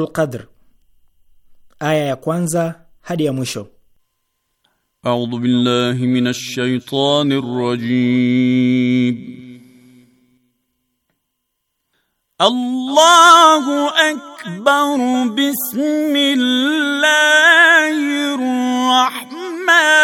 Lailatul Qadr aya ya kwanza hadi ya mwisho A'udhu billahi minash shaitanir rajim الله أكبر بسم الله الرحمن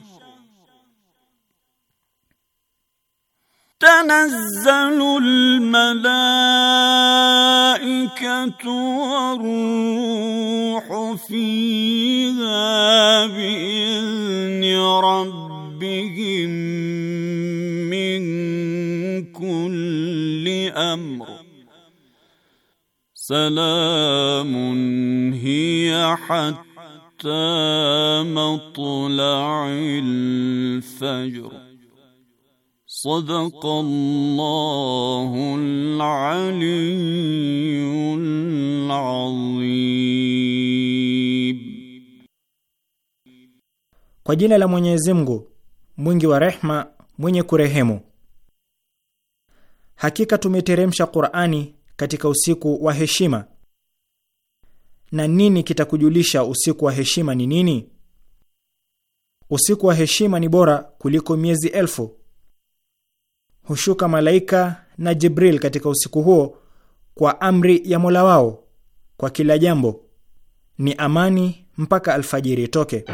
تنزل الملائكة والروح فيها بإذن ربهم من كل أمر سلام هي حتى مطلع الفجر صدق الله العلي العظيم. Kwa jina la Mwenyezi Mungu mwingi wa rehma mwenye kurehemu. Hakika tumeteremsha Qur'ani katika usiku wa heshima. Na nini kitakujulisha usiku wa heshima ni nini? Usiku wa heshima ni bora kuliko miezi elfu hushuka malaika na Jibril katika usiku huo kwa amri ya Mola wao kwa kila jambo. Ni amani mpaka alfajiri itoke.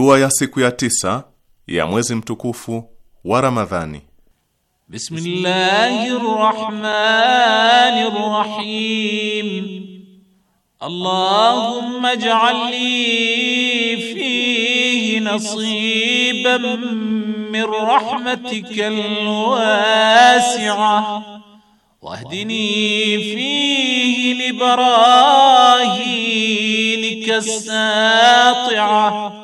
Dua ya siku ya tisa ya mwezi mtukufu wa Ramadhani. Bismillahir Rahmanir Rahim. Allahumma ij'al fihi nasiban min rahmatikal wasi'ah واهدني فيه لبراهينك الساطعه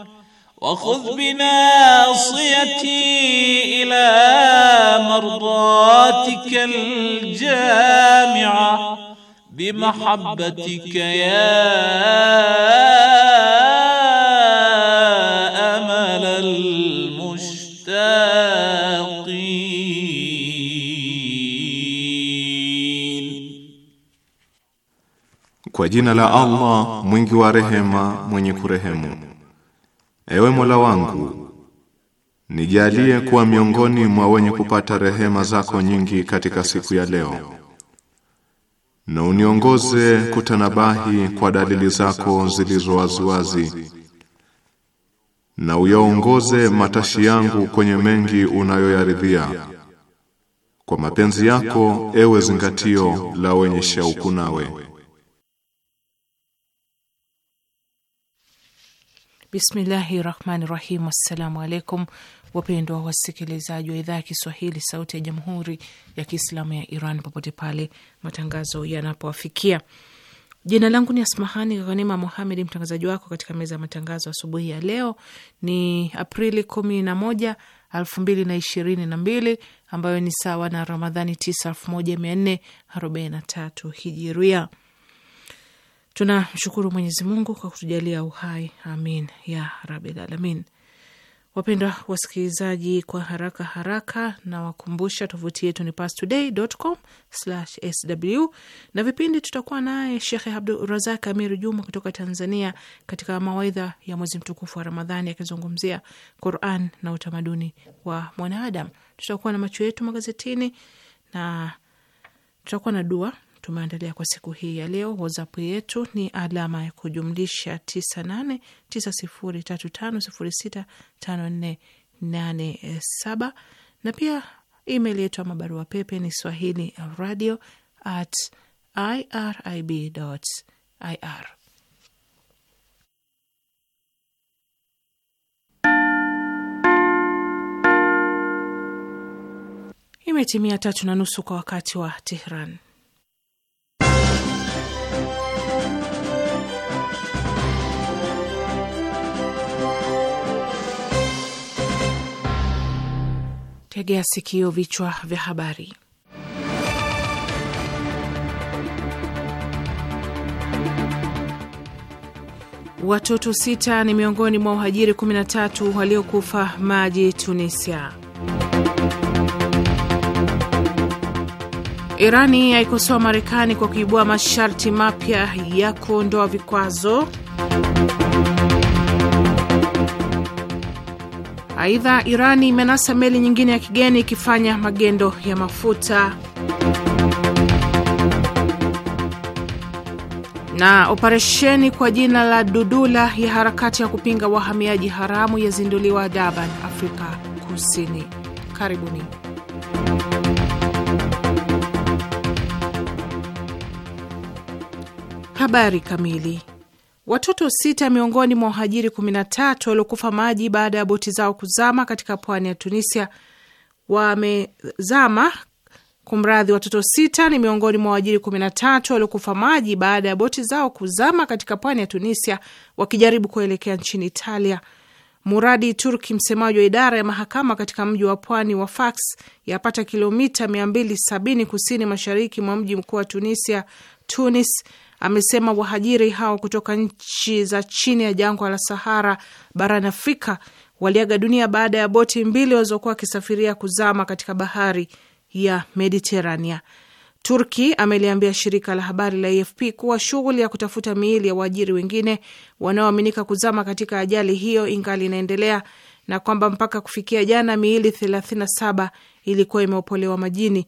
وخذ بناصيتي إلى مرضاتك الجامعة بمحبتك يا أمل المشتاقين Kwa jina la Allah mwingi wa rehema mwenye kurehemu Ewe Mola wangu, nijalie kuwa miongoni mwa wenye kupata rehema zako nyingi katika siku ya leo, na uniongoze kutanabahi kwa dalili zako zilizo waziwazi, na uyaongoze matashi yangu kwenye mengi unayoyaridhia kwa mapenzi yako, ewe zingatio la wenye shauku nawe. Bismillahi rahmani rahim. Assalamu alaikum wapendwa wasikilizaji wa idhaa ya Kiswahili sauti ya jamhuri ya Kiislamu ya Iran popote pale matangazo yanapowafikia. Jina langu ni Asmahani Ghanima Muhamedi, mtangazaji wako katika meza ya matangazo. Asubuhi ya leo ni Aprili kumi na moja elfu mbili na ishirini na mbili ambayo ni sawa na Ramadhani tisa elfu moja mia nne arobaini na tatu hijiria. Tunamshukuru Mwenyezi Mungu kwa kutujalia uhai, amin ya rabil alamin. Wapendwa wasikilizaji, kwa haraka haraka na wakumbusha tovuti yetu ni pastoday.com/sw, na vipindi tutakuwa naye Shekhe Abdul Razak Amir Juma kutoka Tanzania katika mawaidha ya mwezi mtukufu wa Ramadhani akizungumzia Quran na utamaduni wa mwanadamu. Tutakuwa na macho yetu magazetini na tutakuwa na dua tumeandalia kwa siku hii ya leo. WhatsApp yetu ni alama ya kujumlisha 989035065487 na pia email yetu ama barua pepe ni swahili radio at irib ir. Imetimia tatu na nusu kwa wakati wa Tehran. Tegea sikio, vichwa vya habari. Watoto sita ni miongoni mwa wahajiri 13 waliokufa maji Tunisia. Irani yaikosoa Marekani kwa kuibua masharti mapya ya kuondoa vikwazo. Aidha, Irani imenasa meli nyingine ya kigeni ikifanya magendo ya mafuta. Na operesheni kwa jina la Dudula ya harakati ya kupinga wahamiaji haramu yazinduliwa Durban, Afrika Kusini. Karibuni. Habari kamili. Watoto sita miongoni mwa wahajiri 13 waliokufa maji baada ya boti zao kuzama katika pwani ya Tunisia wamezama. Kumradhi, watoto sita ni miongoni mwa waajiri 13 waliokufa maji baada ya boti zao kuzama katika pwani ya Tunisia wakijaribu kuelekea nchini Italia. Muradi Turki, msemaji wa idara ya mahakama katika mji wa pwani wa Fax, yapata kilomita 270 kusini mashariki mwa mji mkuu wa Tunisia, Tunis, amesema wahajiri hao kutoka nchi za chini ya jangwa la Sahara barani Afrika waliaga dunia baada ya boti mbili walizokuwa wakisafiria kuzama katika bahari ya Mediterania. Turki ameliambia shirika la habari la AFP kuwa shughuli ya kutafuta miili ya waajiri wengine wanaoaminika kuzama katika ajali hiyo ingali inaendelea na kwamba mpaka kufikia jana miili 37 ilikuwa imeopolewa majini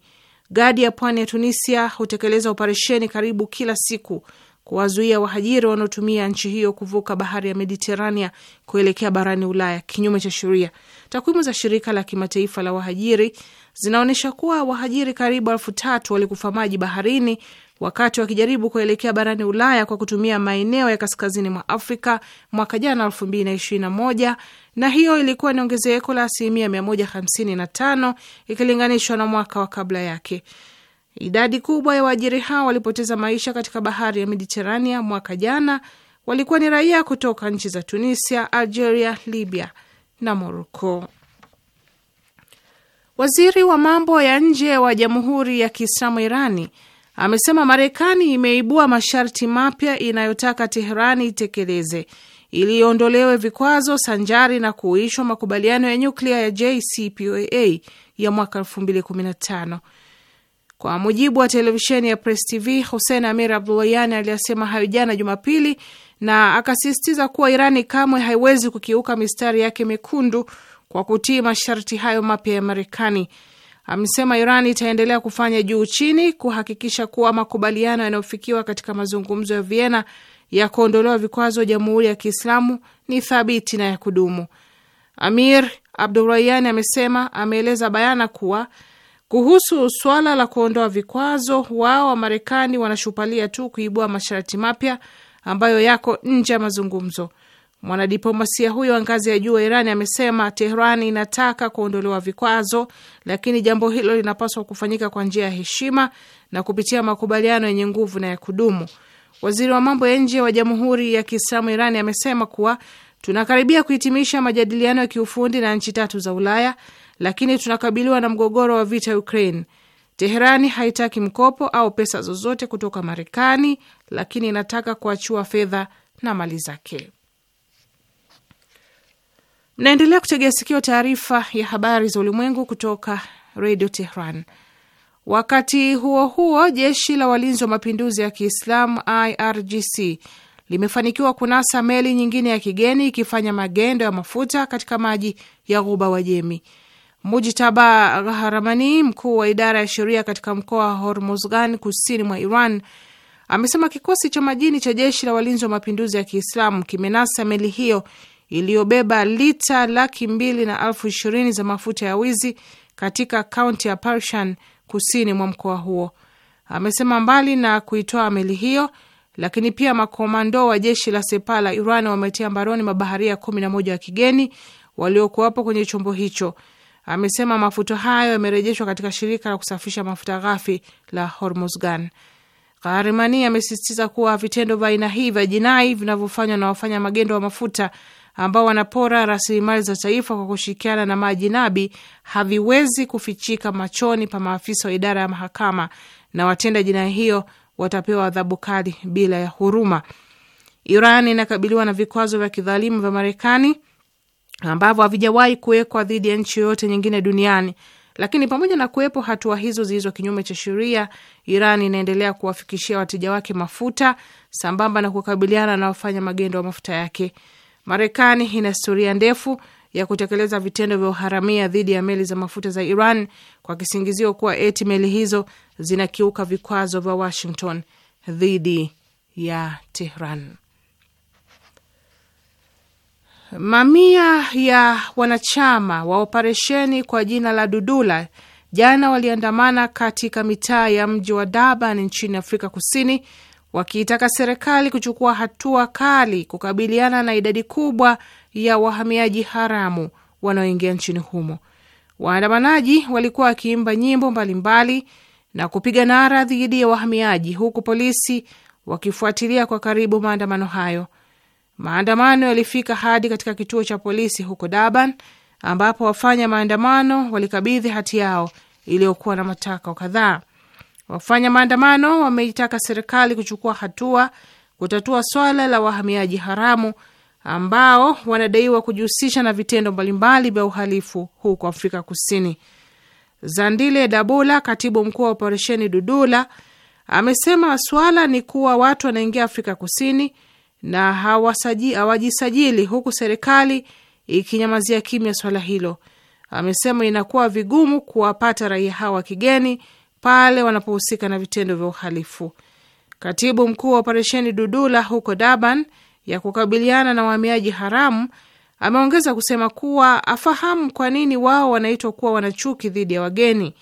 Gadi ya pwani ya Tunisia hutekeleza operesheni karibu kila siku kuwazuia wahajiri wanaotumia nchi hiyo kuvuka bahari ya Mediterania kuelekea barani Ulaya kinyume cha sheria. Takwimu za shirika la kimataifa la wahajiri zinaonyesha kuwa wahajiri karibu elfu tatu walikufa maji baharini wakati wakijaribu kuelekea barani Ulaya kwa kutumia maeneo ya kaskazini mwa Afrika mwaka jana 2021, na hiyo ilikuwa ni ongezeko la asilimia 155 ikilinganishwa na mwaka wa kabla yake. Idadi kubwa ya waajiri hao walipoteza maisha katika bahari ya Mediterania mwaka jana walikuwa ni raia kutoka nchi za Tunisia, Algeria, Libya na Moroko. Waziri wa mambo ya nje wa Jamhuri ya Kiislamu Irani amesema Marekani imeibua masharti mapya inayotaka Teherani itekeleze ili iondolewe vikwazo sanjari na kuishwa makubaliano ya nyuklia ya JCPOA ya mwaka 2015. Kwa mujibu wa televisheni ya Press TV, Hussein Amir Abdullahian aliyasema hayo jana Jumapili na akasisitiza kuwa Irani kamwe haiwezi kukiuka mistari yake mekundu kwa kutii masharti hayo mapya ya Marekani amesema Iran itaendelea kufanya juu chini kuhakikisha kuwa makubaliano yanayofikiwa katika mazungumzo ya Vienna ya kuondolewa vikwazo Jamhuri ya Kiislamu ni thabiti na ya kudumu. Amir Abdurayani amesema ameeleza bayana kuwa kuhusu swala la kuondoa vikwazo, wao Wamarekani wanashupalia tu kuibua masharti mapya ambayo yako nje ya mazungumzo Mwanadiplomasia huyo wa ngazi ya juu wa Irani amesema Tehran inataka kuondolewa vikwazo, lakini jambo hilo linapaswa kufanyika kwa njia ya heshima na kupitia makubaliano yenye nguvu na ya kudumu. Waziri wa mambo ya nje wa Jamhuri ya Kiislamu Irani amesema kuwa tunakaribia kuhitimisha majadiliano ya kiufundi na nchi tatu za Ulaya, lakini tunakabiliwa na mgogoro wa vita Ukraine. Teherani haitaki mkopo au pesa zozote kutoka Marekani, lakini inataka kuachua fedha na mali zake. Mnaendelea kutegea sikio taarifa ya habari za ulimwengu kutoka redio Tehran. Wakati huo huo, jeshi la walinzi wa mapinduzi ya Kiislamu IRGC limefanikiwa kunasa meli nyingine ya kigeni ikifanya magendo ya mafuta katika maji ya ghuba Wajemi. Mujitaba Gharamani, mkuu wa idara ya sheria katika mkoa wa hormosgan kusini mwa Iran, amesema kikosi cha majini cha jeshi la walinzi wa mapinduzi ya Kiislamu kimenasa meli hiyo iliyobeba lita laki mbili na elfu ishirini za mafuta ya wizi katika kaunti ya Parshan kusini mwa mkoa huo. Amesema mbali na kuitoa meli hiyo, lakini pia makomando wa jeshi la Sepa la Iran wametia mbaroni mabaharia kumi na moja wa kigeni waliokuwapo kwenye chombo hicho. Amesema mafuta hayo yamerejeshwa katika shirika la kusafisha mafuta ghafi la Hormuzgan. Gharimani amesisitiza kuwa vitendo vya aina hii vya jinai vinavyofanywa na wafanya magendo wa mafuta ambao wanapora rasilimali za taifa kwa kushirikiana na majinabi haviwezi kufichika machoni pa maafisa wa idara ya mahakama, na watenda jinai hiyo watapewa adhabu kali bila ya huruma. Iran inakabiliwa na vikwazo vya kidhalimu vya Marekani ambavyo havijawahi kuwekwa dhidi ya nchi yoyote nyingine duniani. Lakini pamoja na kuwepo hatua hizo zilizo kinyume cha sheria, Iran inaendelea kuwafikishia wateja wake mafuta sambamba na kukabiliana na wafanya magendo wa mafuta yake. Marekani ina historia ndefu ya kutekeleza vitendo vya uharamia dhidi ya meli za mafuta za Iran kwa kisingizio kuwa eti meli hizo zinakiuka vikwazo vya Washington dhidi ya Tehran. Mamia ya wanachama wa operesheni kwa jina la Dudula jana waliandamana katika mitaa ya mji wa Durban nchini Afrika Kusini wakiitaka serikali kuchukua hatua kali kukabiliana na idadi kubwa ya wahamiaji haramu wanaoingia nchini humo. Waandamanaji walikuwa wakiimba nyimbo mbalimbali na kupiga nara dhidi ya wahamiaji, huku polisi wakifuatilia kwa karibu maandamano hayo. Maandamano yalifika hadi katika kituo cha polisi huko Durban, ambapo wafanya maandamano walikabidhi hati yao iliyokuwa na matako kadhaa. Wafanya maandamano wameitaka serikali kuchukua hatua kutatua swala la wahamiaji haramu ambao wanadaiwa kujihusisha na vitendo mbalimbali vya uhalifu huko Afrika Kusini. Zandile Dabula, katibu mkuu wa operesheni Dudula, amesema swala ni kuwa watu wanaingia Afrika Kusini na hawajisajili, huku serikali ikinyamazia kimya swala hilo. Amesema inakuwa vigumu kuwapata raia hao wa kigeni pale wanapohusika na vitendo vya uhalifu. Katibu mkuu wa operesheni Dudula huko Durban ya kukabiliana na wahamiaji haramu ameongeza kusema kuwa afahamu kwa nini wao wanaitwa kuwa wanachuki dhidi ya wageni.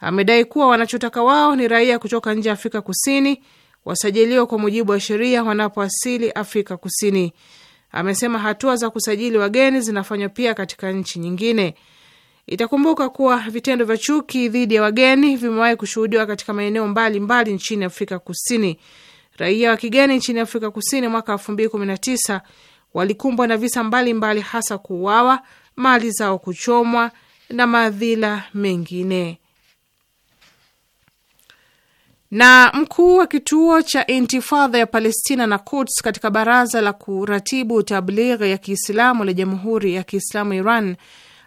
Amedai kuwa wanachotaka wao ni raia kutoka nje ya Afrika Kusini wasajiliwe kwa mujibu wa sheria wanapowasili Afrika Kusini. Amesema hatua za kusajili wageni zinafanywa pia katika nchi nyingine. Itakumbuka kuwa vitendo vya chuki dhidi ya wageni vimewahi kushuhudiwa katika maeneo mbalimbali nchini Afrika Kusini. Raia wa kigeni nchini Afrika Kusini mwaka tisa walikumbwa na visa mbalimbali mbali, hasa kuuawa, mali zao kuchomwa na madhila mengine. Na mkuu wa kituo cha Intifadha ya Palestina na Quds katika baraza la kuratibu tablighi ya Kiislamu la Jamhuri ya Kiislamu Iran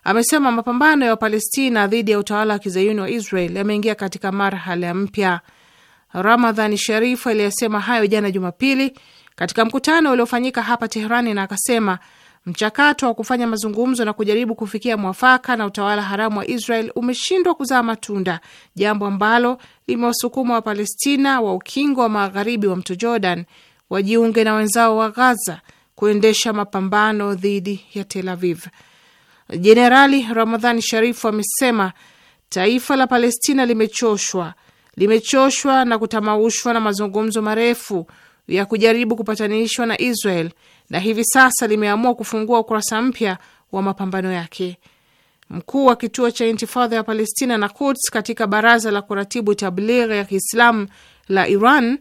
amesema mapambano ya Wapalestina dhidi ya utawala wa kizayuni wa Israel yameingia katika marhala mpya. Ramadhan Sharif aliyesema hayo jana Jumapili katika mkutano uliofanyika hapa Teherani, na akasema mchakato wa kufanya mazungumzo na kujaribu kufikia mwafaka na utawala haramu wa Israel umeshindwa kuzaa matunda, jambo ambalo limewasukuma Wapalestina wa ukingo wa magharibi wa mto Jordan wajiunge na wenzao wa Ghaza kuendesha mapambano dhidi ya Tel Aviv. Jenerali Ramadhani Sharifu amesema taifa la Palestina limechoshwa, limechoshwa na kutamaushwa na mazungumzo marefu ya kujaribu kupatanishwa na Israel na hivi sasa limeamua kufungua ukurasa mpya wa mapambano yake. Mkuu wa kituo cha intifadha ya Palestina na Quds katika baraza la kuratibu tablighi ya Kiislamu la Iran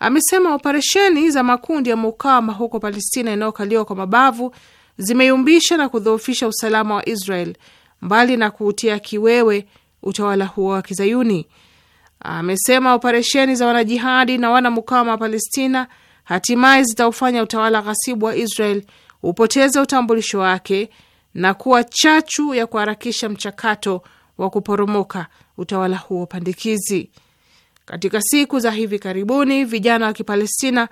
amesema operesheni za makundi ya mukawama huko Palestina inayokaliwa kwa mabavu zimeyumbisha na kudhoofisha usalama wa Israel mbali na kuutia kiwewe utawala huo wa Kizayuni. Amesema operesheni za wanajihadi na wanamkama wa Palestina hatimaye zitaufanya utawala ghasibu wa Israel upoteze utambulisho wake na kuwa chachu ya kuharakisha mchakato wa kuporomoka utawala huo pandikizi. Katika siku za hivi karibuni, vijana wa Kipalestina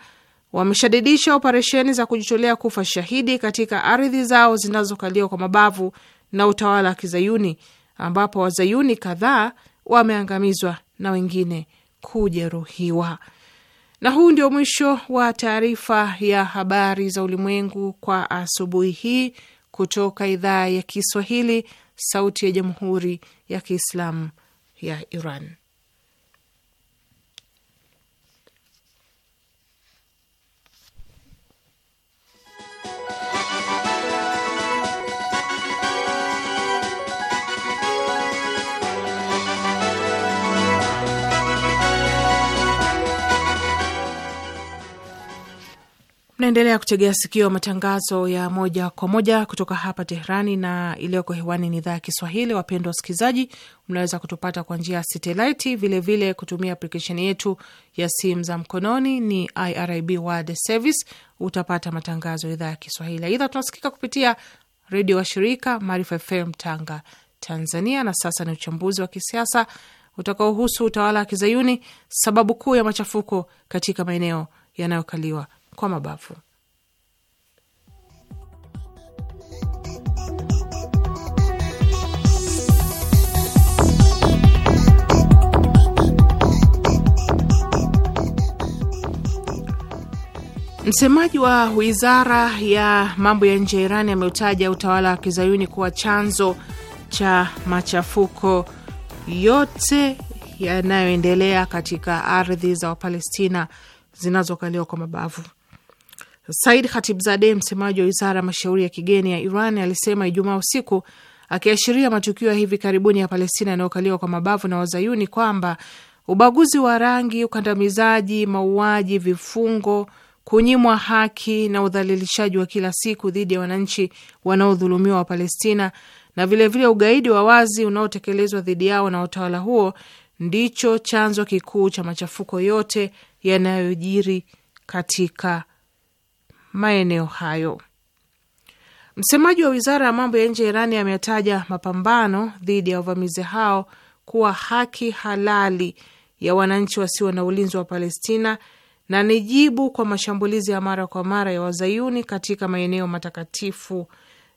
wameshadidisha operesheni za kujitolea kufa shahidi katika ardhi zao zinazokaliwa kwa mabavu na utawala wa Kizayuni, ambapo wazayuni kadhaa wameangamizwa na wengine kujeruhiwa. Na huu ndio mwisho wa taarifa ya habari za ulimwengu kwa asubuhi hii kutoka idhaa ya Kiswahili, Sauti ya Jamhuri ya Kiislamu ya Iran. Mnaendelea kutegea sikio matangazo ya moja kwa moja kutoka hapa Teherani na iliyoko hewani ni idhaa ya Kiswahili. Wapendwa wasikilizaji, mnaweza kutupata kwa njia ya satelaiti, vilevile kutumia aplikesheni yetu ya simu za mkononi ni IRIB World Service, utapata matangazo ya idhaa ya Kiswahili. Aidha, tunasikika kupitia redio wa shirika Maarifa FM Tanga, Tanzania. Na sasa ni uchambuzi wa kisiasa utakaohusu utawala wa kizayuni, sababu kuu ya machafuko katika maeneo yanayokaliwa kwa mabavu. Msemaji wa wizara ya mambo ya nje ya Irani ameutaja utawala wa kizayuni kuwa chanzo cha machafuko yote yanayoendelea katika ardhi za Wapalestina zinazokaliwa kwa mabavu. Said Khatibzadeh, msemaji wa wizara ya mashauri ya kigeni ya Iran, alisema Ijumaa usiku akiashiria matukio ya hivi karibuni ya Palestina yanayokaliwa kwa mabavu na Wazayuni kwamba ubaguzi wa rangi, ukandamizaji, mauaji, vifungo, kunyimwa haki na udhalilishaji wa kila siku dhidi ya wananchi wanaodhulumiwa wa Palestina na vilevile vile ugaidi wa wazi unaotekelezwa dhidi yao na utawala huo ndicho chanzo kikuu cha machafuko yote yanayojiri katika maeneo hayo. Msemaji wa wizara ya mambo ya nje ya Irani ametaja mapambano dhidi ya wavamizi hao kuwa haki halali ya wananchi wasio na ulinzi wa Palestina na ni jibu kwa mashambulizi ya mara kwa mara ya wazayuni katika maeneo matakatifu,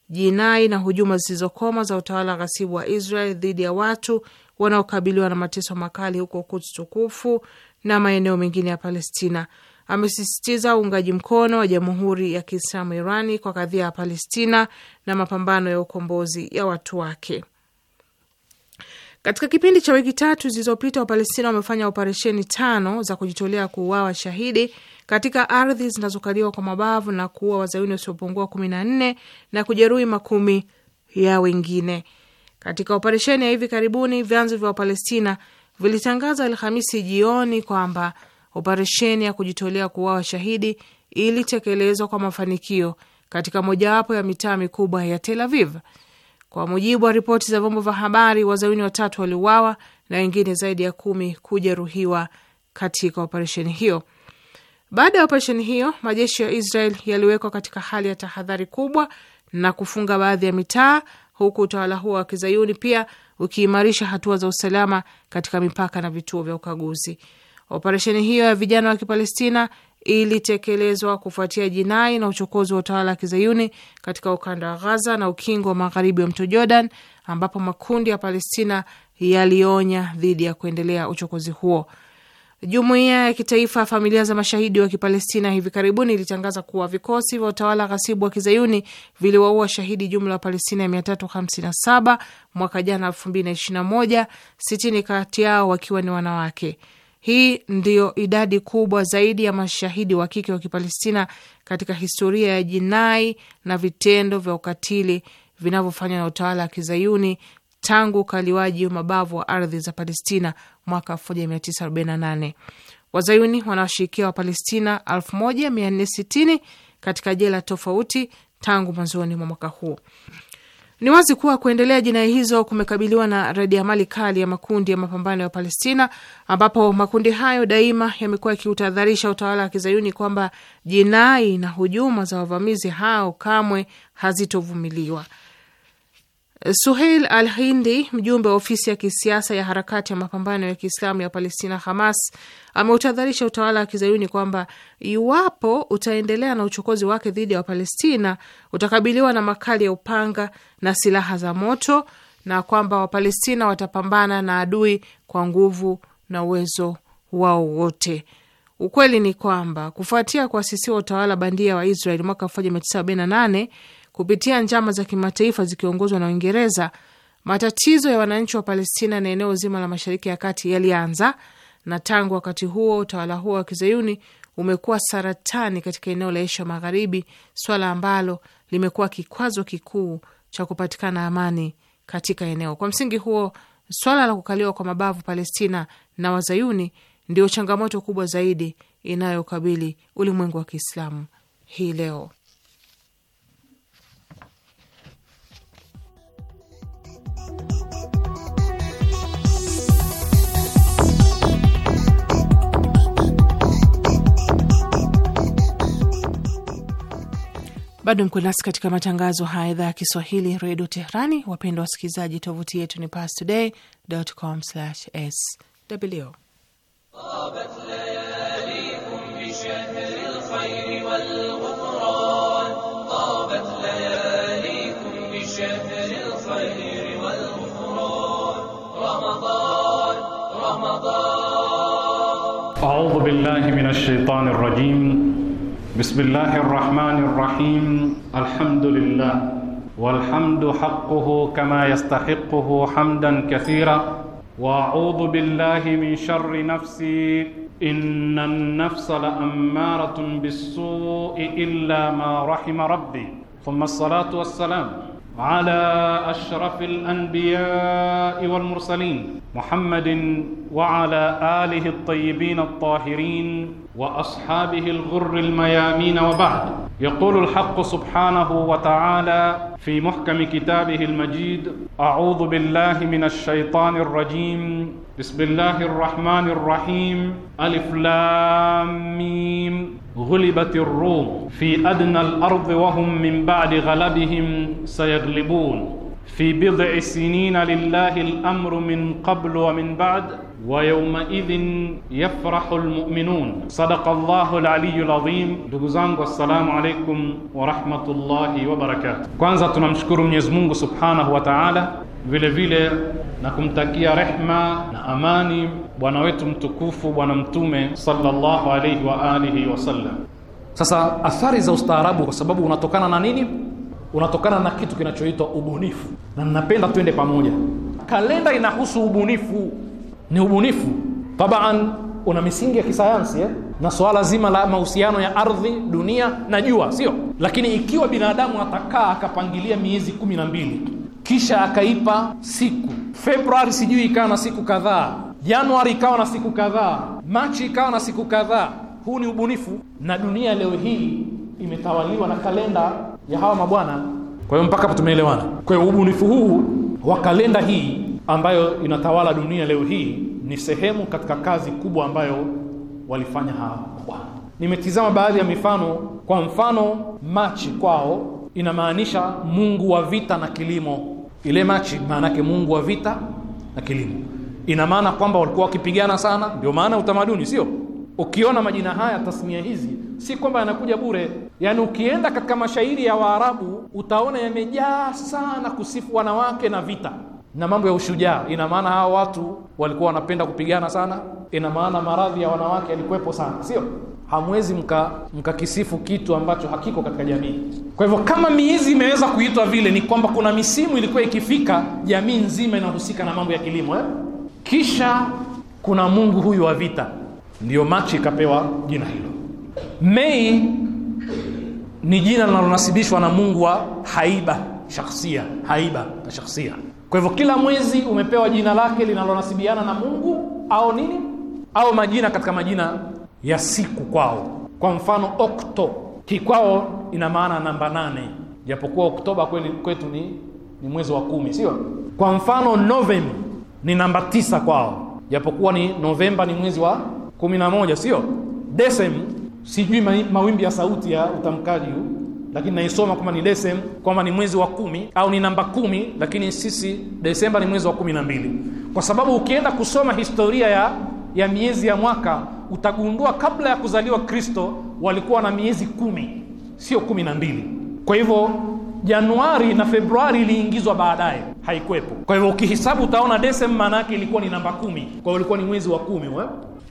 jinai na hujuma zisizokoma za utawala ghasibu wa Israel dhidi ya watu wanaokabiliwa na mateso makali huko kutu tukufu na maeneo mengine ya Palestina amesisitiza uungaji mkono wa Jamhuri ya Kiislamu Irani kwa kadhia ya Palestina na mapambano ya ukombozi ya watu wake. Katika kipindi cha wiki tatu zilizopita, Wapalestina wamefanya operesheni tano za kujitolea kuuawa shahidi katika ardhi zinazokaliwa kwa mabavu na kuua wazayuni wasiopungua kumi na nne na kujeruhi makumi ya wengine. Katika operesheni ya hivi karibuni, vyanzo vya Wapalestina vilitangaza Alhamisi jioni kwamba operesheni ya kujitolea kuuawa shahidi ilitekelezwa kwa mafanikio katika mojawapo ya mitaa mikubwa ya Tel Aviv. Kwa mujibu wa ripoti za vyombo vya habari, wazawini watatu waliuawa na wengine zaidi ya kumi kujeruhiwa katika operesheni hiyo. Baada ya operesheni hiyo, majeshi ya Israel yaliwekwa katika hali ya tahadhari kubwa na kufunga baadhi ya mitaa, huku utawala huo wa kizayuni pia ukiimarisha hatua za usalama katika mipaka na vituo vya ukaguzi. Operesheni hiyo ya vijana wa Kipalestina ilitekelezwa kufuatia jinai na uchokozi wa utawala wa kizayuni katika ukanda wa Ghaza na ukingo wa magharibi wa mto Jordan, ambapo makundi ya Palestina yalionya dhidi ya kuendelea uchokozi huo. Jumuiya ya kitaifa ya familia za mashahidi wa Kipalestina hivi karibuni ilitangaza kuwa vikosi vya utawala ghasibu wa kizayuni viliwaua shahidi jumla wa Palestina 357 mwaka jana 2021, 60 kati yao wakiwa ni wanawake. Hii ndiyo idadi kubwa zaidi ya mashahidi wa kike wa Kipalestina katika historia ya jinai na vitendo vya ukatili vinavyofanywa na utawala wa kizayuni tangu ukaliwaji mabavu wa ardhi za Palestina mwaka 1948. Wazayuni wanawashirikia Wapalestina 1460 katika jela tofauti tangu mwanzoni mwa mwaka huu. Ni wazi kuwa kuendelea jinai hizo kumekabiliwa na radiamali kali ya makundi ya mapambano ya Palestina, ambapo makundi hayo daima yamekuwa yakiutahadharisha utawala wa kizayuni kwamba jinai na hujuma za wavamizi hao kamwe hazitovumiliwa. Suheil Al Hindi, mjumbe wa ofisi ya kisiasa ya harakati ya mapambano ya Kiislamu ya Palestina, Hamas, ameutahadharisha utawala wa kizayuni kwamba iwapo utaendelea na uchokozi wake dhidi ya Wapalestina utakabiliwa na makali ya upanga na silaha za moto, na kwamba Wapalestina watapambana na adui kwa nguvu na uwezo wao wote. Ukweli ni kwamba kufuatia kuasisiwa utawala bandia wa Israel mwaka 1948 kupitia njama za kimataifa zikiongozwa na Uingereza, matatizo ya wananchi wa Palestina na eneo zima la Mashariki ya Kati yalianza, na tangu wakati huo utawala huo wa kizayuni umekuwa saratani katika eneo la Asia Magharibi, swala ambalo limekuwa kikwazo kikuu cha kupatikana amani katika eneo. Kwa msingi huo, swala la kukaliwa kwa mabavu Palestina na wazayuni ndio changamoto kubwa zaidi inayokabili ulimwengu wa Kiislamu hii leo. Bado mko nasi katika matangazo haya, idhaa ya Kiswahili redio Teherani. Wapendwa wasikilizaji, tovuti yetu ni pastoday.com/sw. Audhu billahi minash shaitani بسم الله الرحمن الرحيم الحمد لله والحمد حقه كما يستحقه حمدا كثيرا واعوذ بالله من شر نفسي ان النفس لاماره بالسوء الا ما رحم ربي ثم الصلاه والسلام على اشرف الانبياء والمرسلين محمد وعلى اله الطيبين الطاهرين واصحابه الغر الميامين وبعد يقول الحق سبحانه وتعالى في محكم كتابه المجيد اعوذ بالله من الشيطان الرجيم بسم الله الرحمن الرحيم الف لام ميم غلبت الروم في أدنى الأرض وهم من بعد غلبهم سيغلبون في بضع سنين لله الأمر من قبل ومن بعد ويومئذ يفرح المؤمنون صدق الله العلي العظيم دوغزانغ والسلام عليكم ورحمة الله وبركاته كوانزا تنمشكر من يزمونغ سبحانه وتعالى vile vile na kumtakia rehma na amani bwana wetu mtukufu Bwana Mtume sallallahu alayhi wa alihi wasallam. Sasa athari za ustaarabu, kwa sababu unatokana na nini? Unatokana na kitu kinachoitwa ubunifu, na ninapenda twende pamoja. Kalenda inahusu ubunifu, ni ubunifu tabaan, una misingi ya kisayansi eh? na swala zima la mahusiano ya ardhi, dunia na jua, sio lakini, ikiwa binadamu atakaa akapangilia miezi kumi na mbili kisha akaipa siku Februari, sijui ikawa na siku kadhaa Januari ikawa na siku kadhaa, Machi ikawa na siku kadhaa. Huu ni ubunifu, na dunia leo hii imetawaliwa na kalenda ya hawa mabwana. Kwa hiyo mpaka hapo tumeelewana. Kwa hiyo ubunifu huu wa kalenda hii ambayo inatawala dunia leo hii ni sehemu katika kazi kubwa ambayo walifanya hawa mabwana. Nimetizama baadhi ya mifano. Kwa mfano, Machi kwao inamaanisha Mungu wa vita na kilimo. Ile Machi maana Mungu wa vita na kilimo ina maana kwamba walikuwa wakipigana sana. Ndio maana utamaduni, sio? Ukiona majina haya, tasnia hizi, si kwamba yanakuja bure. Yaani ukienda katika mashairi ya Waarabu utaona yamejaa sana kusifu wanawake na vita na mambo ya ushujaa. Ina maana hawa watu walikuwa wanapenda kupigana sana, ina maana maradhi ya wanawake yalikuwepo sana, sio? Hamwezi mkakisifu mka kitu ambacho hakiko katika jamii. Kwa hivyo kama miezi imeweza kuitwa vile, ni kwamba kuna misimu ilikuwa ikifika, jamii nzima inahusika na mambo ya kilimo eh? Kisha kuna mungu huyu wa vita, ndio Machi ikapewa jina hilo. Mei ni jina linalonasibishwa na mungu wa haiba shakhsia, haiba na shakhsia. Kwa hivyo kila mwezi umepewa jina lake linalonasibiana na mungu au nini au majina katika majina ya siku kwao. Kwa mfano Okto kikwao ina maana namba nane, japokuwa Oktoba kweli kwetu ni, ni mwezi wa kumi, sio? Kwa mfano Novemba ni namba tisa kwao, japokuwa ni Novemba ni mwezi wa kumi na moja, sio desem. Sijui mawimbi ya sauti ya utamkaji huu, lakini naisoma kwamba ni desem, kwamba ni mwezi wa kumi au ni namba kumi, lakini sisi Desemba ni mwezi wa kumi na mbili, kwa sababu ukienda kusoma historia ya ya miezi ya mwaka utagundua kabla ya kuzaliwa Kristo walikuwa na miezi kumi, sio kumi na mbili. Kwa hivyo Januari na Februari iliingizwa baadaye, haikuwepo Kwa hivyo ukihesabu utaona Desemba maana yake ilikuwa ni namba kumi, kwa hiyo ilikuwa ni mwezi wa kumi we?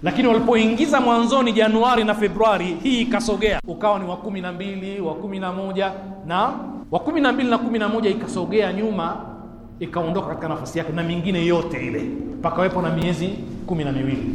Lakini walipoingiza mwanzoni Januari na Februari, hii ikasogea ukawa ni wa kumi na mbili, wa kumi na moja na wa kumi na mbili na kumi na moja ikasogea nyuma ikaondoka katika nafasi yake na mingine yote ile, pakawepo na miezi kumi na miwili.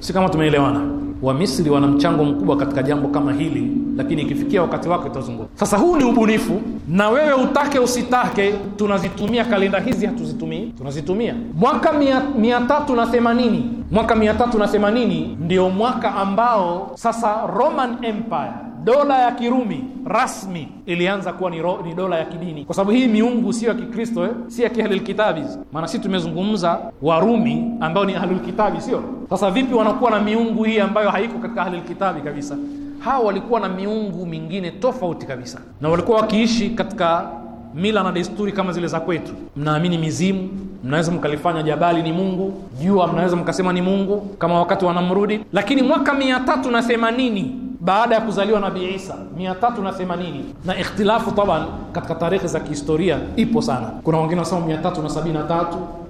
Si kama tumeelewana? wa Misri wana mchango mkubwa katika jambo kama hili, lakini ikifikia wakati wake tutazungumza. Sasa huu ni ubunifu, na wewe utake usitake, tunazitumia kalenda hizi, hatuzitumii, tunazitumia. Mwaka mia, mia tatu na themanini mwaka mia tatu na themanini ndio mwaka ambao sasa Roman Empire dola ya Kirumi rasmi ilianza kuwa ni, ro, ni dola ya kidini, kwa sababu hii miungu sio ya Kikristo eh, si ya kitabi, Maana sisi tumezungumza Warumi ambao ni kitabi, sio? Sasa vipi wanakuwa na miungu hii ambayo haiko katika kitabi kabisa? Hawa walikuwa na miungu mingine tofauti kabisa, na walikuwa wakiishi katika mila na desturi kama zile za kwetu. Mnaamini mizimu, mnaweza mkalifanya jabali ni mungu, jua mnaweza mkasema ni mungu kama wakati wanamrudi. Lakini mwaka mia tatu na themanini baada ya kuzaliwa Nabii Isa 380 na ikhtilafu taban katika tarehe za kihistoria ipo sana. Kuna wengine wanasema 373,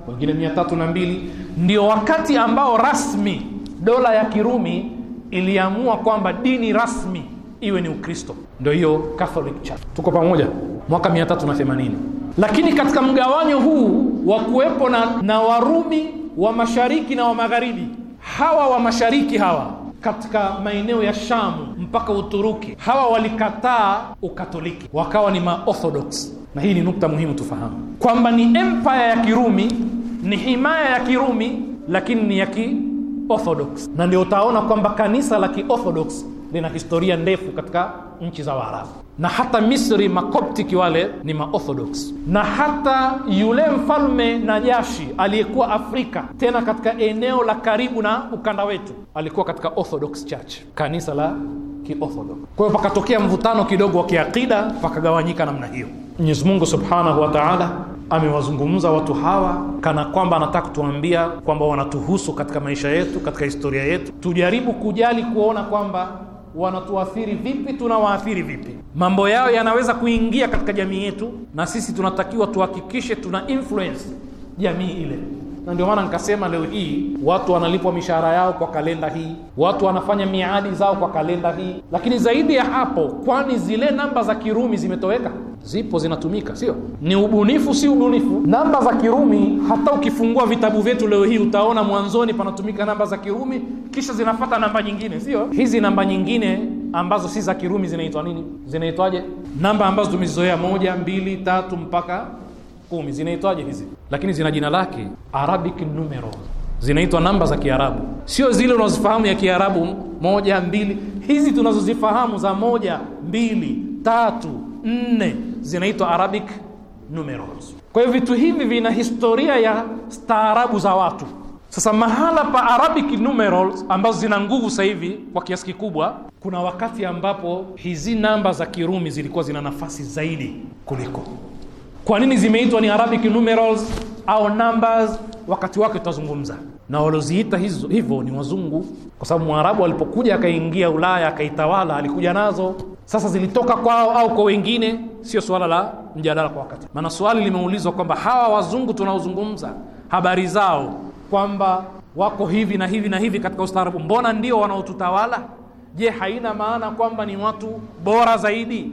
wengine 302. Ndio wakati ambao rasmi dola ya Kirumi iliamua kwamba dini rasmi iwe ni Ukristo, ndio hiyo Catholic Church. Tuko pamoja, mwaka 380. Lakini katika mgawanyo huu wa kuwepo na, na Warumi wa mashariki na wa magharibi, hawa wa mashariki hawa katika maeneo ya Shamu mpaka Uturuki. Hawa walikataa Ukatoliki, wakawa ni maorthodox. Na hii ni nukta muhimu tufahamu, kwamba ni empire ya Kirumi, ni himaya ya Kirumi, lakini ni ya kiorthodox, na ndio utaona kwamba kanisa la kiorthodox lina historia ndefu katika nchi za Waarabu na hata Misri makoptiki wale ni maorthodox, na hata yule mfalme Najashi aliyekuwa Afrika, tena katika eneo la karibu na ukanda wetu, alikuwa katika Orthodox Church, kanisa la Kiorthodox. Kwa hiyo pakatokea mvutano kidogo wa kiakida, pakagawanyika namna hiyo. Mwenyezi Mungu subhanahu wa taala amewazungumza watu hawa kana kwamba anataka kutuambia kwamba wanatuhusu katika maisha yetu, katika historia yetu. Tujaribu kujali kuona kwamba wanatuathiri vipi, tunawaathiri vipi. Mambo yao yanaweza kuingia katika jamii yetu, na sisi tunatakiwa tuhakikishe tuna influence jamii ile na ndio maana nikasema leo hii watu wanalipwa mishahara yao kwa kalenda hii, watu wanafanya miadi zao kwa kalenda hii. Lakini zaidi ya hapo, kwani zile namba za Kirumi zimetoweka? Zipo, zinatumika, sio? Ni ubunifu, si ubunifu? Namba za Kirumi, hata ukifungua vitabu vyetu leo hii utaona mwanzoni panatumika namba za Kirumi, kisha zinafata namba nyingine, sio? Hizi namba nyingine ambazo si za Kirumi zinaitwa nini? Zinaitwaje? Namba ambazo tumezizoea, moja, mbili, tatu mpaka kumi zinaitwaje hizi? Lakini zina jina lake, arabic numeros, zinaitwa namba za Kiarabu, sio zile unazofahamu ya Kiarabu moja mbili. Hizi tunazozifahamu za moja mbili tatu nne zinaitwa arabic numerals. Kwa hiyo vitu hivi vina historia ya staarabu za watu. Sasa mahala pa arabic numerals ambazo zina nguvu sasa hivi kwa kiasi kikubwa, kuna wakati ambapo hizi namba za Kirumi zilikuwa zina nafasi zaidi kuliko kwa nini zimeitwa ni Arabic numerals au numbers? Wakati wake tutazungumza. Na walioziita hizo hivyo ni wazungu, kwa sababu mwarabu alipokuja akaingia Ulaya akaitawala alikuja nazo. Sasa zilitoka kwao au kwa wengine, sio suala la mjadala kwa wakati. Maana swali limeulizwa kwamba hawa wazungu tunaozungumza habari zao kwamba wako hivi na hivi na hivi katika ustaarabu, mbona ndio wanaotutawala? Je, haina maana kwamba ni watu bora zaidi,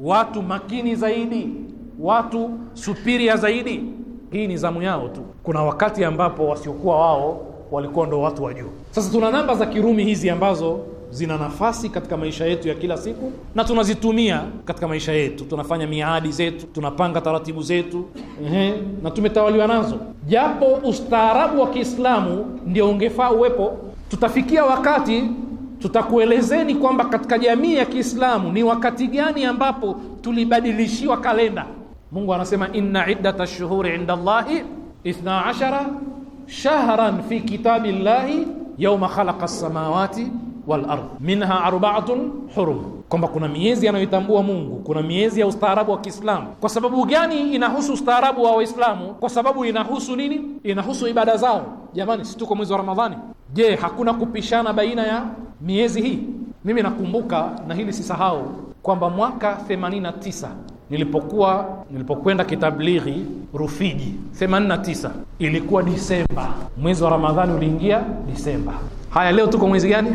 watu makini zaidi watu supiria zaidi. Hii ni zamu yao tu. Kuna wakati ambapo wasiokuwa wao walikuwa ndo watu wa juu. Sasa tuna namba za Kirumi hizi ambazo zina nafasi katika maisha yetu ya kila siku na tunazitumia katika maisha yetu. Tunafanya miadi zetu, tunapanga taratibu zetu, ehe, na tumetawaliwa nazo, japo ustaarabu wa Kiislamu ndio ungefaa uwepo. Tutafikia wakati tutakuelezeni kwamba katika jamii ya Kiislamu ni wakati gani ambapo tulibadilishiwa kalenda. Mungu anasema inna iddata ash-shuhuri inda Allahi ithna ashara shahran fi kitabi llahi yauma khalaqa as-samawati wal ardh minha arba'atun hurum, kwamba kuna miezi anayoitambua Mungu, kuna miezi ya ustaarabu wa Kiislamu. Kwa sababu gani inahusu ustaarabu wa Waislamu? Kwa sababu inahusu nini? Inahusu ibada zao. Jamani, si tuko mwezi wa Ramadhani? Je, hakuna kupishana baina ya miezi hii? Mimi nakumbuka na hili sisahau kwamba mwaka 89 nilipokuwa nilipokwenda kitablighi Rufiji 89 ilikuwa Disemba, mwezi wa Ramadhani uliingia Disemba. Haya, leo tuko mwezi gani?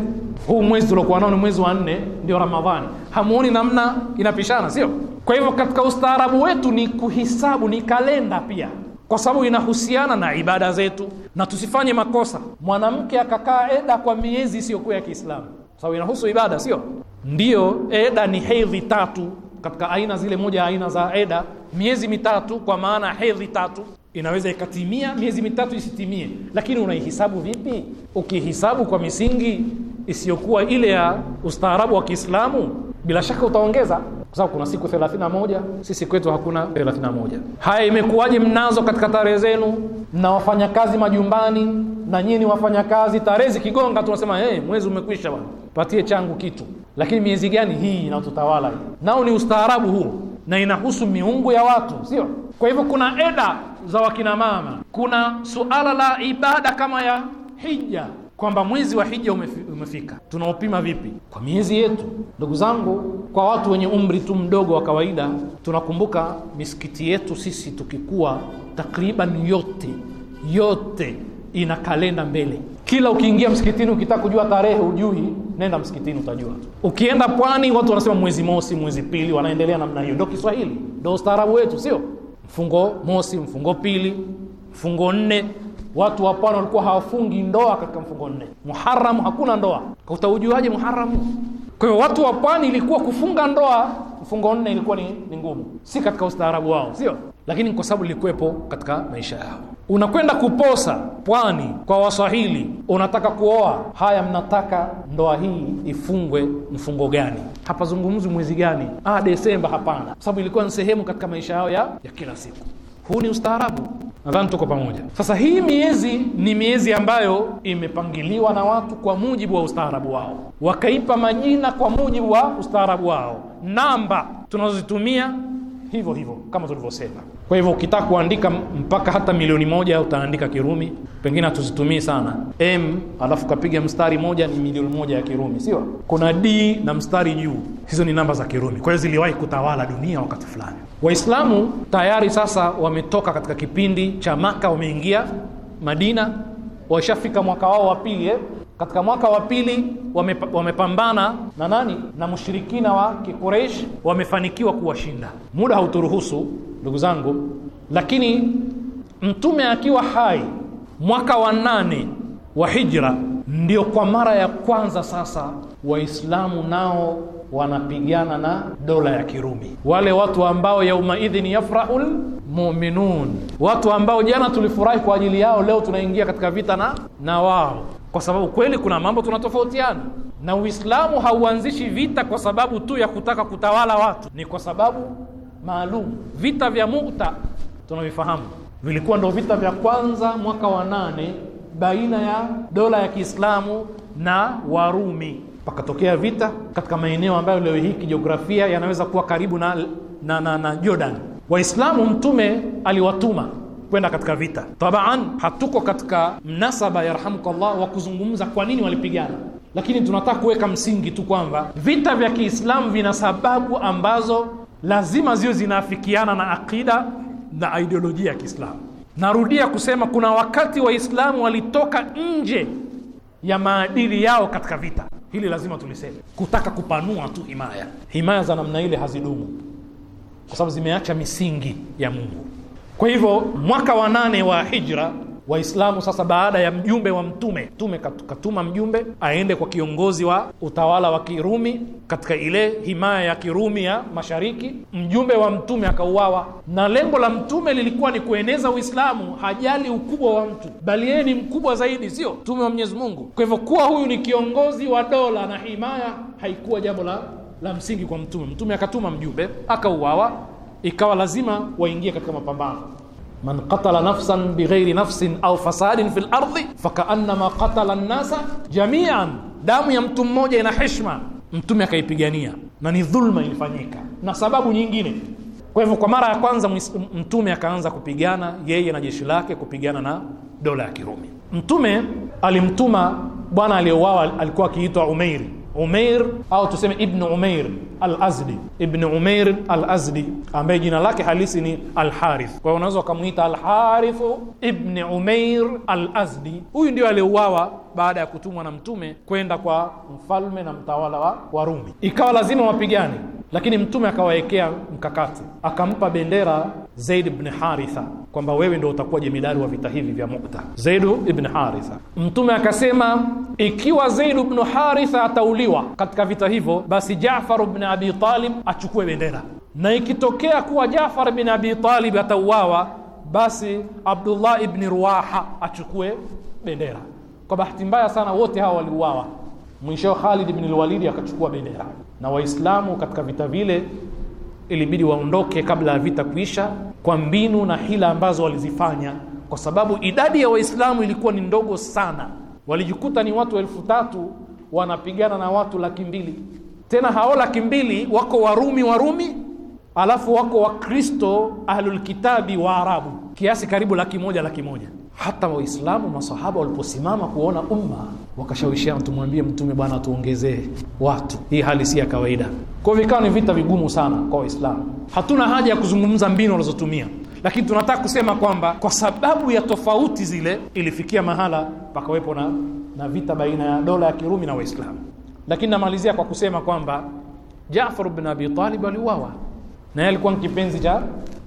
Huu mwezi tuliokuwa nao ni mwezi wa nne, ndio Ramadhani. Hamuoni namna inapishana, sio? Kwa hivyo katika ustaarabu wetu ni kuhisabu, ni kalenda pia kwa sababu inahusiana na ibada zetu, na tusifanye makosa mwanamke akakaa eda kwa miezi isiyokuwa ya Kiislamu, kwa sababu inahusu ibada, sio? Ndiyo, eda ni hedhi tatu katika aina zile, moja ya aina za eda, miezi mitatu, kwa maana hedhi tatu inaweza ikatimia, miezi mitatu isitimie. Lakini unaihisabu vipi? Ukihisabu kwa misingi isiyokuwa ile ya ustaarabu wa Kiislamu, bila shaka utaongeza kwa sababu kuna siku 31 sisi kwetu hakuna 31. Haya, imekuwaje? Mnazo katika tarehe zenu, na wafanyakazi majumbani na nyinyi wafanyakazi, tarehe zikigonga tunasema hey, eh, mwezi umekwisha bwana patie changu kitu, lakini miezi gani hii inatutawala hii? Nao ni ustaarabu huu, na inahusu miungu ya watu, sio? Kwa hivyo kuna eda za wakina mama, kuna suala la ibada kama ya hija kwamba mwezi wa hija umefika, tunaopima vipi? Kwa miezi yetu. Ndugu zangu, kwa watu wenye umri tu mdogo wa kawaida, tunakumbuka misikiti yetu sisi tukikuwa takriban yote yote ina kalenda mbele kila ukiingia msikitini ukitaka kujua tarehe ujui nenda msikitini utajua. Ukienda pwani watu wanasema mwezi mosi, mwezi pili, wanaendelea namna hiyo. Ndio Kiswahili, ndio ustaarabu wetu, sio? Mfungo mosi, mfungo pili, mfungo nne. Watu wa pwani walikuwa hawafungi ndoa katika mfungo nne. Muharram hakuna ndoa. Utaujuaje Muharram? kwa hiyo watu wa pwani ilikuwa kufunga ndoa mfungo nne ilikuwa ni, ni ngumu si katika ustaarabu wao sio lakini kwa sababu ilikuwepo katika maisha yao unakwenda kuposa pwani kwa waswahili unataka kuoa haya mnataka ndoa hii ifungwe mfungo gani hapazungumzi mwezi gani ah, desemba hapana kwa sababu ilikuwa ni sehemu katika maisha yao ya, ya kila siku huu ni ustaarabu Nadhani tuko pamoja. Sasa hii miezi ni miezi ambayo imepangiliwa na watu kwa mujibu wa ustaarabu wao, wakaipa majina kwa mujibu wa ustaarabu wao, namba tunazozitumia hivyo hivyo kama tulivyosema. Kwa hivyo ukitaka kuandika mpaka hata milioni moja utaandika Kirumi, pengine hatuzitumii sana m, alafu kapiga mstari moja, ni milioni moja ya Kirumi, sio? Kuna d na mstari juu, hizo ni namba za Kirumi. Kwa hiyo ziliwahi kutawala dunia wakati fulani. Waislamu tayari sasa wametoka katika kipindi cha Maka, wameingia Madina, washafika mwaka wao wa pili eh? katika mwaka wa pili wame, wamepambana na nani na mushirikina wa Kikureish, wamefanikiwa kuwashinda. Muda hauturuhusu ndugu zangu, lakini mtume akiwa hai mwaka wa nane wa hijra, ndio kwa mara ya kwanza sasa Waislamu nao wanapigana na dola ya Kirumi, wale watu ambao yaumaidhin yafrahul muminun, watu ambao jana tulifurahi kwa ajili yao, leo tunaingia katika vita na na wao kwa sababu kweli kuna mambo tunatofautiana, na Uislamu hauanzishi vita kwa sababu tu ya kutaka kutawala watu, ni kwa sababu maalum. Vita vya Muta tunavifahamu, vilikuwa ndo vita vya kwanza mwaka wa nane baina ya dola ya Kiislamu na Warumi, pakatokea vita katika maeneo ambayo leo hii kijiografia yanaweza kuwa karibu na, na, na, na Jordan. Waislamu mtume aliwatuma kwenda katika vita. Tabaan hatuko katika mnasaba yarhamukallah wa kuzungumza kwa nini walipigana, lakini tunataka kuweka msingi tu kwamba vita vya Kiislamu vina sababu ambazo lazima ziwe zinaafikiana na akida na ideolojia ya Kiislamu. Narudia kusema kuna wakati Waislamu walitoka nje ya maadili yao katika vita. Hili lazima tuliseme, kutaka kupanua tu himaya. Himaya za namna ile hazidumu, kwa sababu zimeacha misingi ya Mungu. Kwa hivyo mwaka wa nane wa hijra Waislamu sasa, baada ya mjumbe wa mtume, mtume katuma mjumbe aende kwa kiongozi wa utawala wa Kirumi katika ile himaya ya Kirumi ya mashariki, mjumbe wa mtume akauawa. Na lengo la mtume lilikuwa ni kueneza Uislamu, hajali ukubwa wa mtu, bali yeye ni mkubwa zaidi, sio mtume wa Mwenyezi Mungu. Kwa hivyo kuwa huyu ni kiongozi wa dola na himaya haikuwa jambo la la msingi kwa mtume. Mtume akatuma mjumbe akauawa ikawa lazima waingie katika mapambano man qatala nafsan bighairi nafsin au fasadin fil ardhi fakaannama qatala nnasa jamian, damu ya mtu mmoja ina heshima, Mtume akaipigania na ni dhulma ilifanyika na sababu nyingine. Kwa hivyo kwa mara ya kwanza Mtume akaanza kupigana yeye na jeshi lake kupigana na dola ya Kirumi. Mtume alimtuma bwana aliyeuawa alikuwa akiitwa Umairi Umair au tuseme Ibn Umair al-Azdi, Ibn Umair al-Azdi ambaye jina lake halisi ni Al-Harith. Kwa hiyo unaweza ukamwita Al-Harith Ibn Umair al-Azdi. Huyu ndio aliuawa baada ya kutumwa na mtume kwenda kwa mfalme na mtawala wa Warumi, ikawa lazima wapigane lakini mtume akawaekea mkakati, akampa bendera Zaid ibn Haritha kwamba wewe ndio utakuwa jemidari wa vita hivi vya mukta Zaid ibn Haritha, mtume akasema ikiwa Zaid ibn Haritha atauliwa katika vita hivyo, basi jafar ibn Abi Talib achukue bendera, na ikitokea kuwa jafar ibn Abi Talib atauawa, basi Abdullah ibn ruaha achukue bendera. Kwa bahati mbaya sana wote hawa waliuawa. Mwisho Khalid ibn al-Walid akachukua bendera, na Waislamu katika vita vile ilibidi waondoke kabla ya vita kuisha, kwa mbinu na hila ambazo walizifanya, kwa sababu idadi ya Waislamu ilikuwa ni ndogo sana. Walijikuta ni watu elfu tatu wanapigana na watu laki mbili. Tena hao laki mbili wako Warumi, Warumi alafu wako Wakristo ahlulkitabi wa Arabu kiasi karibu laki moja laki moja hata Waislamu masahaba waliposimama kuona umma wakashawishiana, tumwambie Mtume bwana, tuongezee watu, hii hali si ya kawaida. Kwa hivyo ikawa ni vita vigumu sana kwa Waislamu. Hatuna haja ya kuzungumza mbinu walizotumia, lakini tunataka kusema kwamba kwa sababu ya tofauti zile ilifikia mahala pakawepo na, na vita baina ya dola ya Kirumi na Waislamu. Lakini namalizia kwa kusema kwamba Jaafar bin Abi Talib aliuawa na yeye alikuwa ni kipenzi cha ja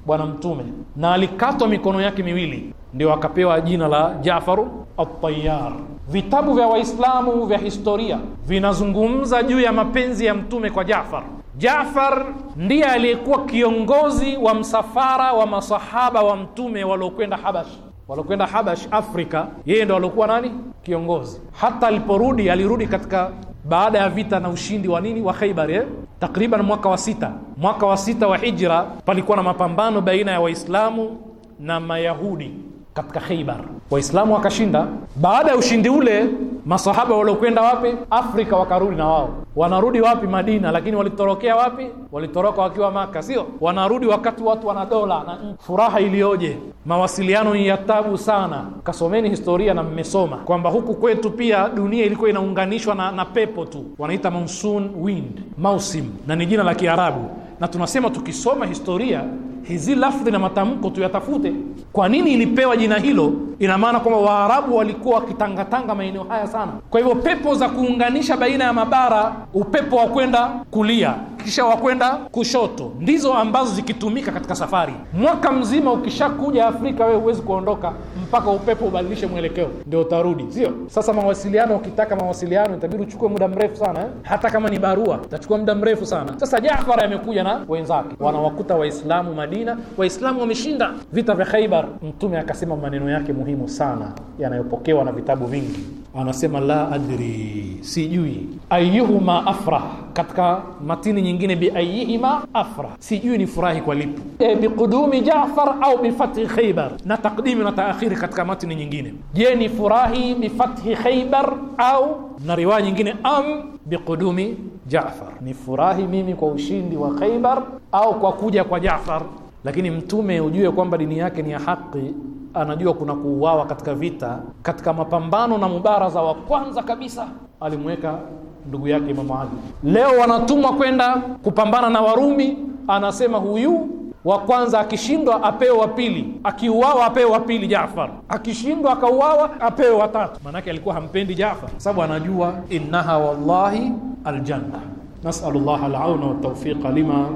bwana mtume na alikatwa mikono yake miwili ndio akapewa jina la Jafaru at Vitabu vya Waislamu vya historia vinazungumza juu ya mapenzi ya mtume kwa Jafar. Jafar ndiye aliyekuwa kiongozi wa msafara wa masahaba wa mtume waliokwenda Habash walokwenda Habash Afrika, yeye ndo aliokuwa nani kiongozi. Hata aliporudi alirudi katika baada ya vita na ushindi wa nini wa Khaibar eh? Takriban mwaka wa sita, mwaka wa sita wa Hijra, palikuwa na mapambano baina ya Waislamu na Mayahudi katika Khaybar. Waislamu wakashinda. Baada ya ushindi ule, masahaba waliokwenda wapi? Afrika, wakarudi na wao. Wanarudi wapi? Madina. Lakini walitorokea wapi? Walitoroka wakiwa Maka, sio? Wanarudi wakati watu wana dola na furaha iliyoje! Mawasiliano ni ya tabu sana. Kasomeni historia na mmesoma kwamba huku kwetu pia dunia ilikuwa inaunganishwa na, na pepo tu, wanaita monsoon wind, mausim, na ni jina la Kiarabu, na tunasema tukisoma historia hizi lafdhi na matamko tuyatafute kwa nini ilipewa jina hilo ina maana kwamba waarabu walikuwa wakitangatanga maeneo haya sana kwa hivyo pepo za kuunganisha baina ya mabara upepo wa kwenda kulia kisha wakwenda kushoto, ndizo ambazo zikitumika katika safari mwaka mzima. Ukishakuja Afrika wewe huwezi kuondoka mpaka upepo ubadilishe mwelekeo, ndio utarudi, sio? Sasa mawasiliano, ukitaka mawasiliano itabidi uchukue muda mrefu sana eh? hata kama ni barua itachukua muda mrefu sana. Sasa Jafar amekuja na wenzake, wanawakuta Waislamu Madina, Waislamu wameshinda vita vya Khaibar. Mtume akasema maneno yake muhimu sana yanayopokewa na vitabu vingi anasema la adri, sijui. Ayuhuma afrah, katika matini nyingine bi ayihima afrah, sijui ni furahi kwa lipi. E, biqudumi ja'far au bifathi Khaybar, na takdimi na taakhiri katika matini nyingine. Je, ni furahi bifathi Khaybar au na riwaya nyingine am biqudumi ja'far ni furahi mimi kwa ushindi wa Khaybar au kwa kuja kwa ja'far lakini mtume ujue kwamba dini yake ni ya haki anajua kuna kuuawa katika vita katika mapambano na mubaraza wa kwanza kabisa alimweka ndugu yake Imamu Ali leo wanatumwa kwenda kupambana na Warumi anasema huyu wa kwanza akishindwa apewe wa pili, akiuawa apewe wa pili jafar akishindwa akauawa apewe wa tatu. Maanake alikuwa hampendi kwa sababu anajua innaha wallahi aljanna. Nasalu llaha alauna waltaufiqa lima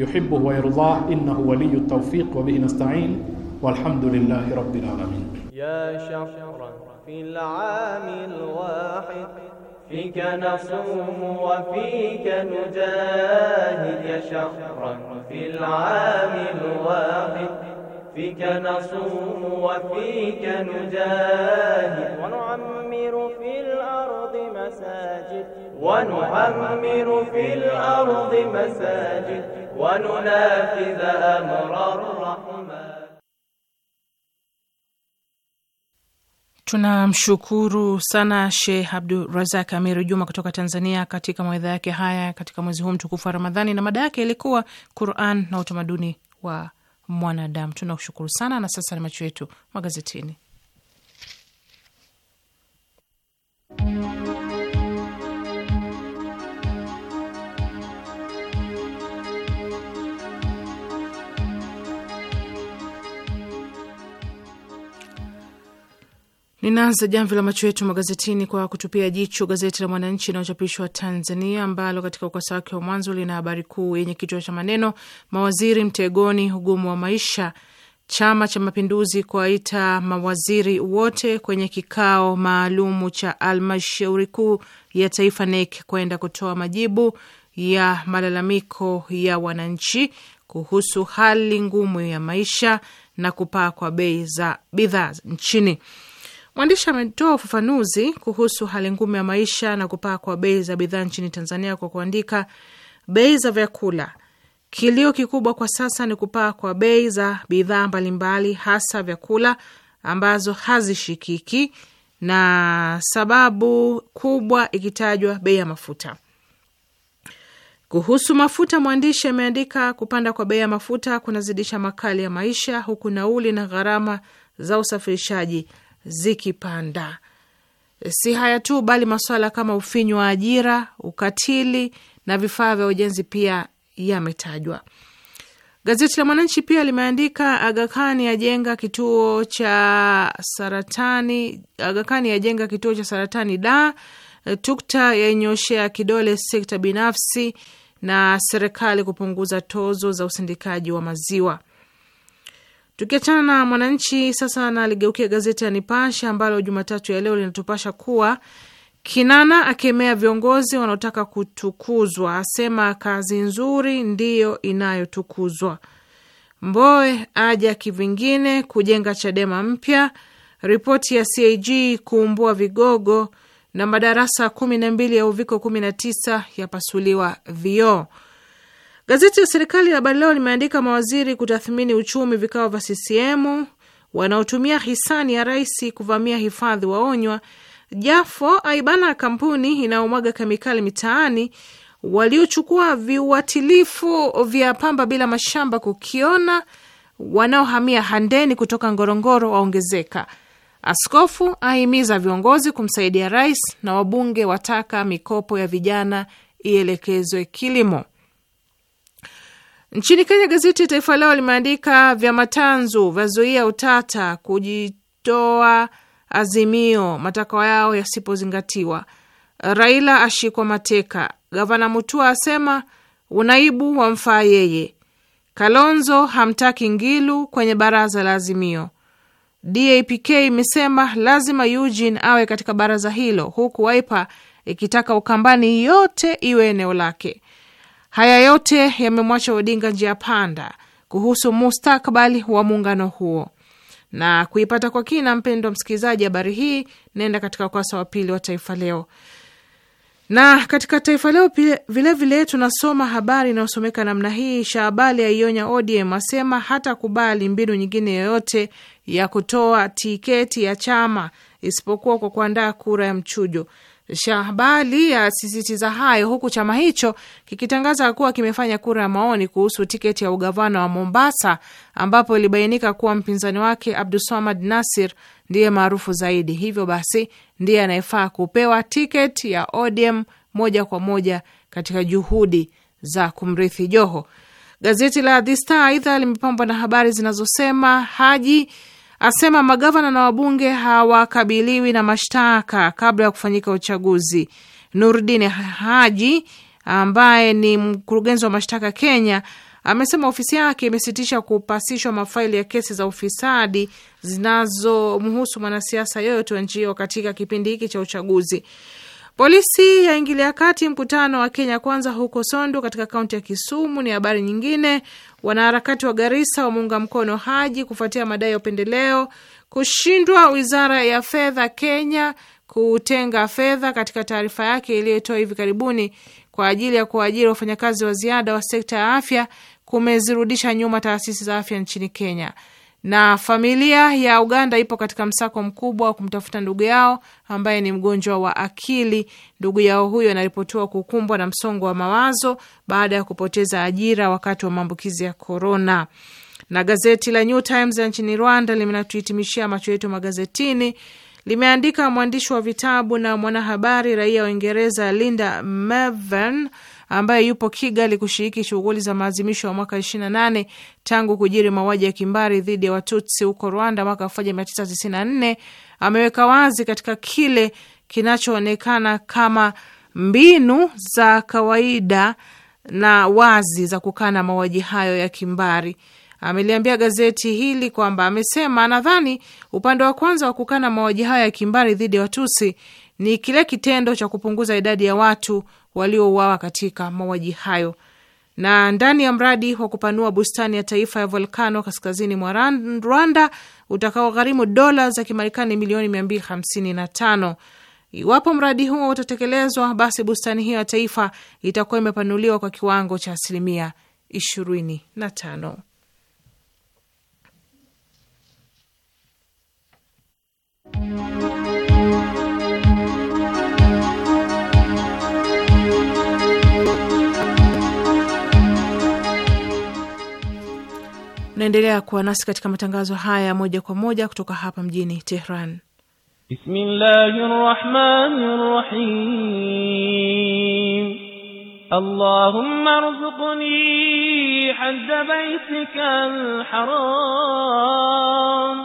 يحبه ويرضاه إنه ولي التوفيق وبه نستعين والحمد لله رب العالمين يا شهرا في العام الواحد فيك نصوم وفيك نجاهد يا شهرا في العام الواحد فيك نصوم وفيك نجاهد ونعمر في الأرض مساجد ونعمر في الأرض مساجد وننافذ أمر الرحمن Tunamshukuru sana Sheikh Abdul Razak Juma kutoka Tanzania katika mawaidha yake haya katika mwezi huu mtukufu wa Ramadhani, na mada yake ilikuwa Quran na utamaduni wa mwanadamu. Tunakushukuru sana, na sasa ni macho yetu magazetini. Ninaanza jamvi la macho yetu magazetini kwa kutupia jicho gazeti la Mwananchi inayochapishwa Tanzania, ambalo katika ukurasa wake wa mwanzo lina habari kuu yenye kichwa cha maneno mawaziri mtegoni ugumu wa maisha. Chama cha Mapinduzi kuwaita mawaziri wote kwenye kikao maalumu cha almashauri kuu ya taifa NEC kwenda kutoa majibu ya malalamiko ya wananchi kuhusu hali ngumu ya maisha na kupaa kwa bei za bidhaa nchini. Mwandishi ametoa ufafanuzi kuhusu hali ngumu ya maisha na kupaa kwa bei za bidhaa nchini Tanzania kwa kuandika, bei za vyakula, kilio kikubwa kwa sasa ni kupaa kwa bei za bidhaa mbalimbali, hasa vyakula ambazo hazishikiki na sababu kubwa ikitajwa bei ya mafuta. Kuhusu mafuta, mwandishi ameandika, kupanda kwa bei ya mafuta kunazidisha makali ya maisha, huku nauli na gharama za usafirishaji zikipanda. Si haya tu, bali masuala kama ufinyu wa ajira, ukatili na vifaa vya ujenzi pia yametajwa. Gazeti la Mwananchi pia limeandika Agakani yajenga kituo cha saratani, Agakani yajenga kituo cha saratani da tukta yainyoshea kidole sekta binafsi na serikali kupunguza tozo za usindikaji wa maziwa. Tukiachana na Mwananchi, sasa naligeukia gazeti ya Nipashe ambalo Jumatatu ya leo linatupasha kuwa Kinana akemea viongozi wanaotaka kutukuzwa, asema kazi nzuri ndiyo inayotukuzwa. Mboe aja kivingine kujenga Chadema mpya, ripoti ya CAG kuumbua vigogo, na madarasa kumi na mbili ya uviko kumi na tisa yapasuliwa vioo. Gazeti la serikali la Habari Leo limeandika mawaziri kutathmini uchumi vikao vya CCM, wanaotumia hisani ya rais kuvamia hifadhi waonywa, Jafo aibana kampuni inayomwaga kemikali mitaani, waliochukua viuatilifu vya pamba bila mashamba kukiona, wanaohamia Handeni kutoka Ngorongoro waongezeka. Askofu ahimiza viongozi kumsaidia rais na wabunge wataka mikopo ya vijana ielekezwe kilimo. Nchini Kenya, gazeti Taifa Leo limeandika vyama tanzu vyazuia utata kujitoa Azimio, matakwa yao yasipozingatiwa. Raila ashikwa mateka. Gavana Mutua asema unaibu wa mfaa yeye. Kalonzo hamtaki Ngilu kwenye baraza la Azimio. DAPK imesema lazima Eugene awe katika baraza hilo, huku Waipa ikitaka Ukambani yote iwe eneo lake. Haya yote yamemwacha Odinga njia panda kuhusu mustakabali wa muungano huo. Na kuipata kwa kina, wa msikilizaji, habari hii naenda katika ukurasa wa pili wa Taifa Leo na katika Taifa Leo vilevile vile tunasoma habari inayosomeka namna hii: Shaabali aionya ODM, asema kubali mbinu nyingine yoyote ya kutoa tiketi ya chama isipokuwa kwa kuandaa kura ya mchujo. Shahbali asisitiza hayo huku chama hicho kikitangaza kuwa kimefanya kura ya maoni kuhusu tiketi ya ugavana wa Mombasa, ambapo ilibainika kuwa mpinzani wake Abduswamad Nasir ndiye maarufu zaidi, hivyo basi ndiye anayefaa kupewa tiketi ya ODM moja kwa moja katika juhudi za kumrithi Joho. Gazeti la The Star aidha limepambwa na habari zinazosema Haji asema magavana na wabunge hawakabiliwi na mashtaka kabla ya kufanyika uchaguzi. Nurdin Haji ambaye ni mkurugenzi wa mashtaka Kenya amesema ofisi yake imesitisha kupasishwa mafaili ya kesi za ufisadi zinazomhusu mwanasiasa yoyote wa nchi hiyo katika kipindi hiki cha uchaguzi. Polisi yaingilia kati mkutano wa Kenya Kwanza huko Sondu katika kaunti ya Kisumu ni habari nyingine, Wanaharakati wa Garisa wameunga mkono Haji kufuatia madai ya upendeleo. Kushindwa wizara ya fedha Kenya kutenga fedha katika taarifa yake iliyotoa hivi karibuni kwa ajili ya kuajiri wafanyakazi wa ziada wa sekta ya afya kumezirudisha nyuma taasisi za afya nchini Kenya na familia ya Uganda ipo katika msako mkubwa wa kumtafuta ndugu yao ambaye ni mgonjwa wa akili. Ndugu yao huyo anaripotiwa kukumbwa na msongo wa mawazo baada ya kupoteza ajira wakati wa maambukizi ya korona. Na gazeti la New Times nchini Rwanda limenatuhitimishia macho yetu magazetini. Limeandika mwandishi wa vitabu na mwanahabari raia wa Uingereza Linda Mevin ambaye yupo Kigali kushiriki shughuli za maadhimisho ya mwaka 28 tangu kujiri mauaji ya kimbari dhidi ya Watutsi huko Rwanda mwaka 1994 ameweka wazi katika kile kinachoonekana kama mbinu za kawaida na wazi za kukana mauaji hayo ya kimbari. Ameliambia gazeti hili kwamba amesema, nadhani upande wa kwanza wa kukana mauaji hayo ya kimbari dhidi ya Watusi ni kile kitendo cha kupunguza idadi ya watu waliouawa katika mauaji hayo. Na ndani ya mradi wa kupanua bustani ya taifa ya volkano kaskazini mwa Rwanda utakaogharimu dola za Kimarekani milioni 255 Iwapo mradi huo utatekelezwa, basi bustani hiyo ya taifa itakuwa imepanuliwa kwa kiwango cha asilimia 25. Naendelea kuwa nasi katika matangazo haya moja kwa moja kutoka hapa mjini Tehran. Bismillahir Rahmanir Rahim. Allahumma hadda haram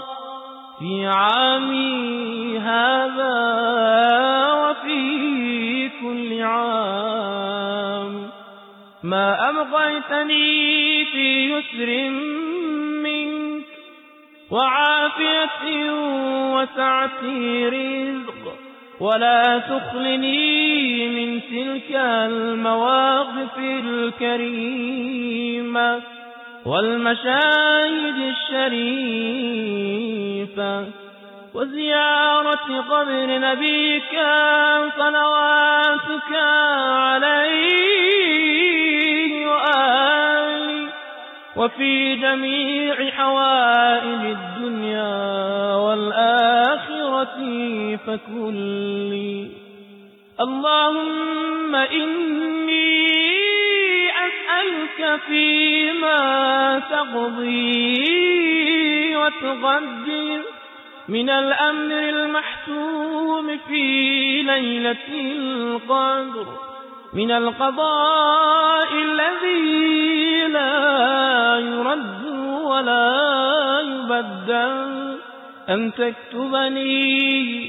fi ami hadha wa fi kulli am ما أبقيتني في يسر منك وعافية وسعة رزق ولا تخلني من تلك المواقف الكريمة والمشاهد الشريفة وزيارة قبر نبيك صلواتك عليه وفي جميع حوائج الدنيا والآخرة فكلي اللهم إني أسألك فيما تقضي وتغدر من الأمر المحتوم في ليلة القدر من القضاء الذي لا يرد ولا يبدل أن تكتبني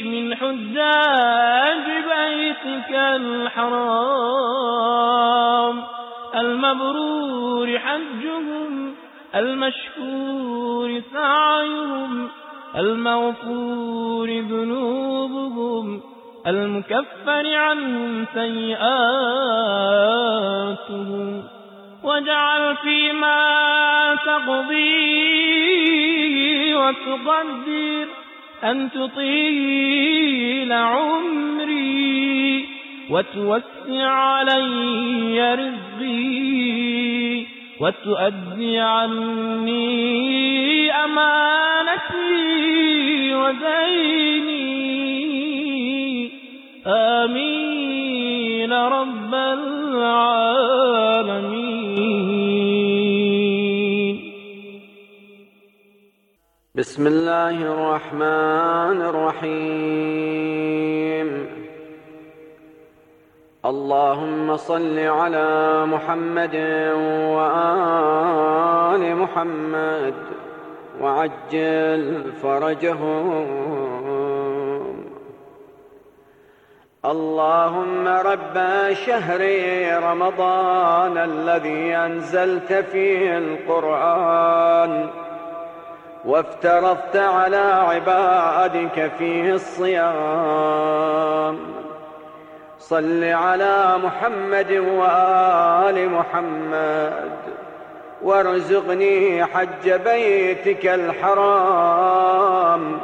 من حجاج بيتك الحرام المبرور حجهم المشكور سعيهم المغفور ذنوبهم المكفر عنهم سيئاته واجعل فيما تقضي وتقدر أن تطيل عمري وتوسع علي رزقي وتؤدي عني أمانتي وزيني آمين رب العالمين بسم الله الرحمن الرحيم اللهم صل على محمد وآل محمد وعجل فرجهم اللهم رب شهر رمضان الذي أنزلت فيه القرآن وافترضت على عبادك فيه الصيام صل على محمد وآل محمد وارزقني حج بيتك الحرام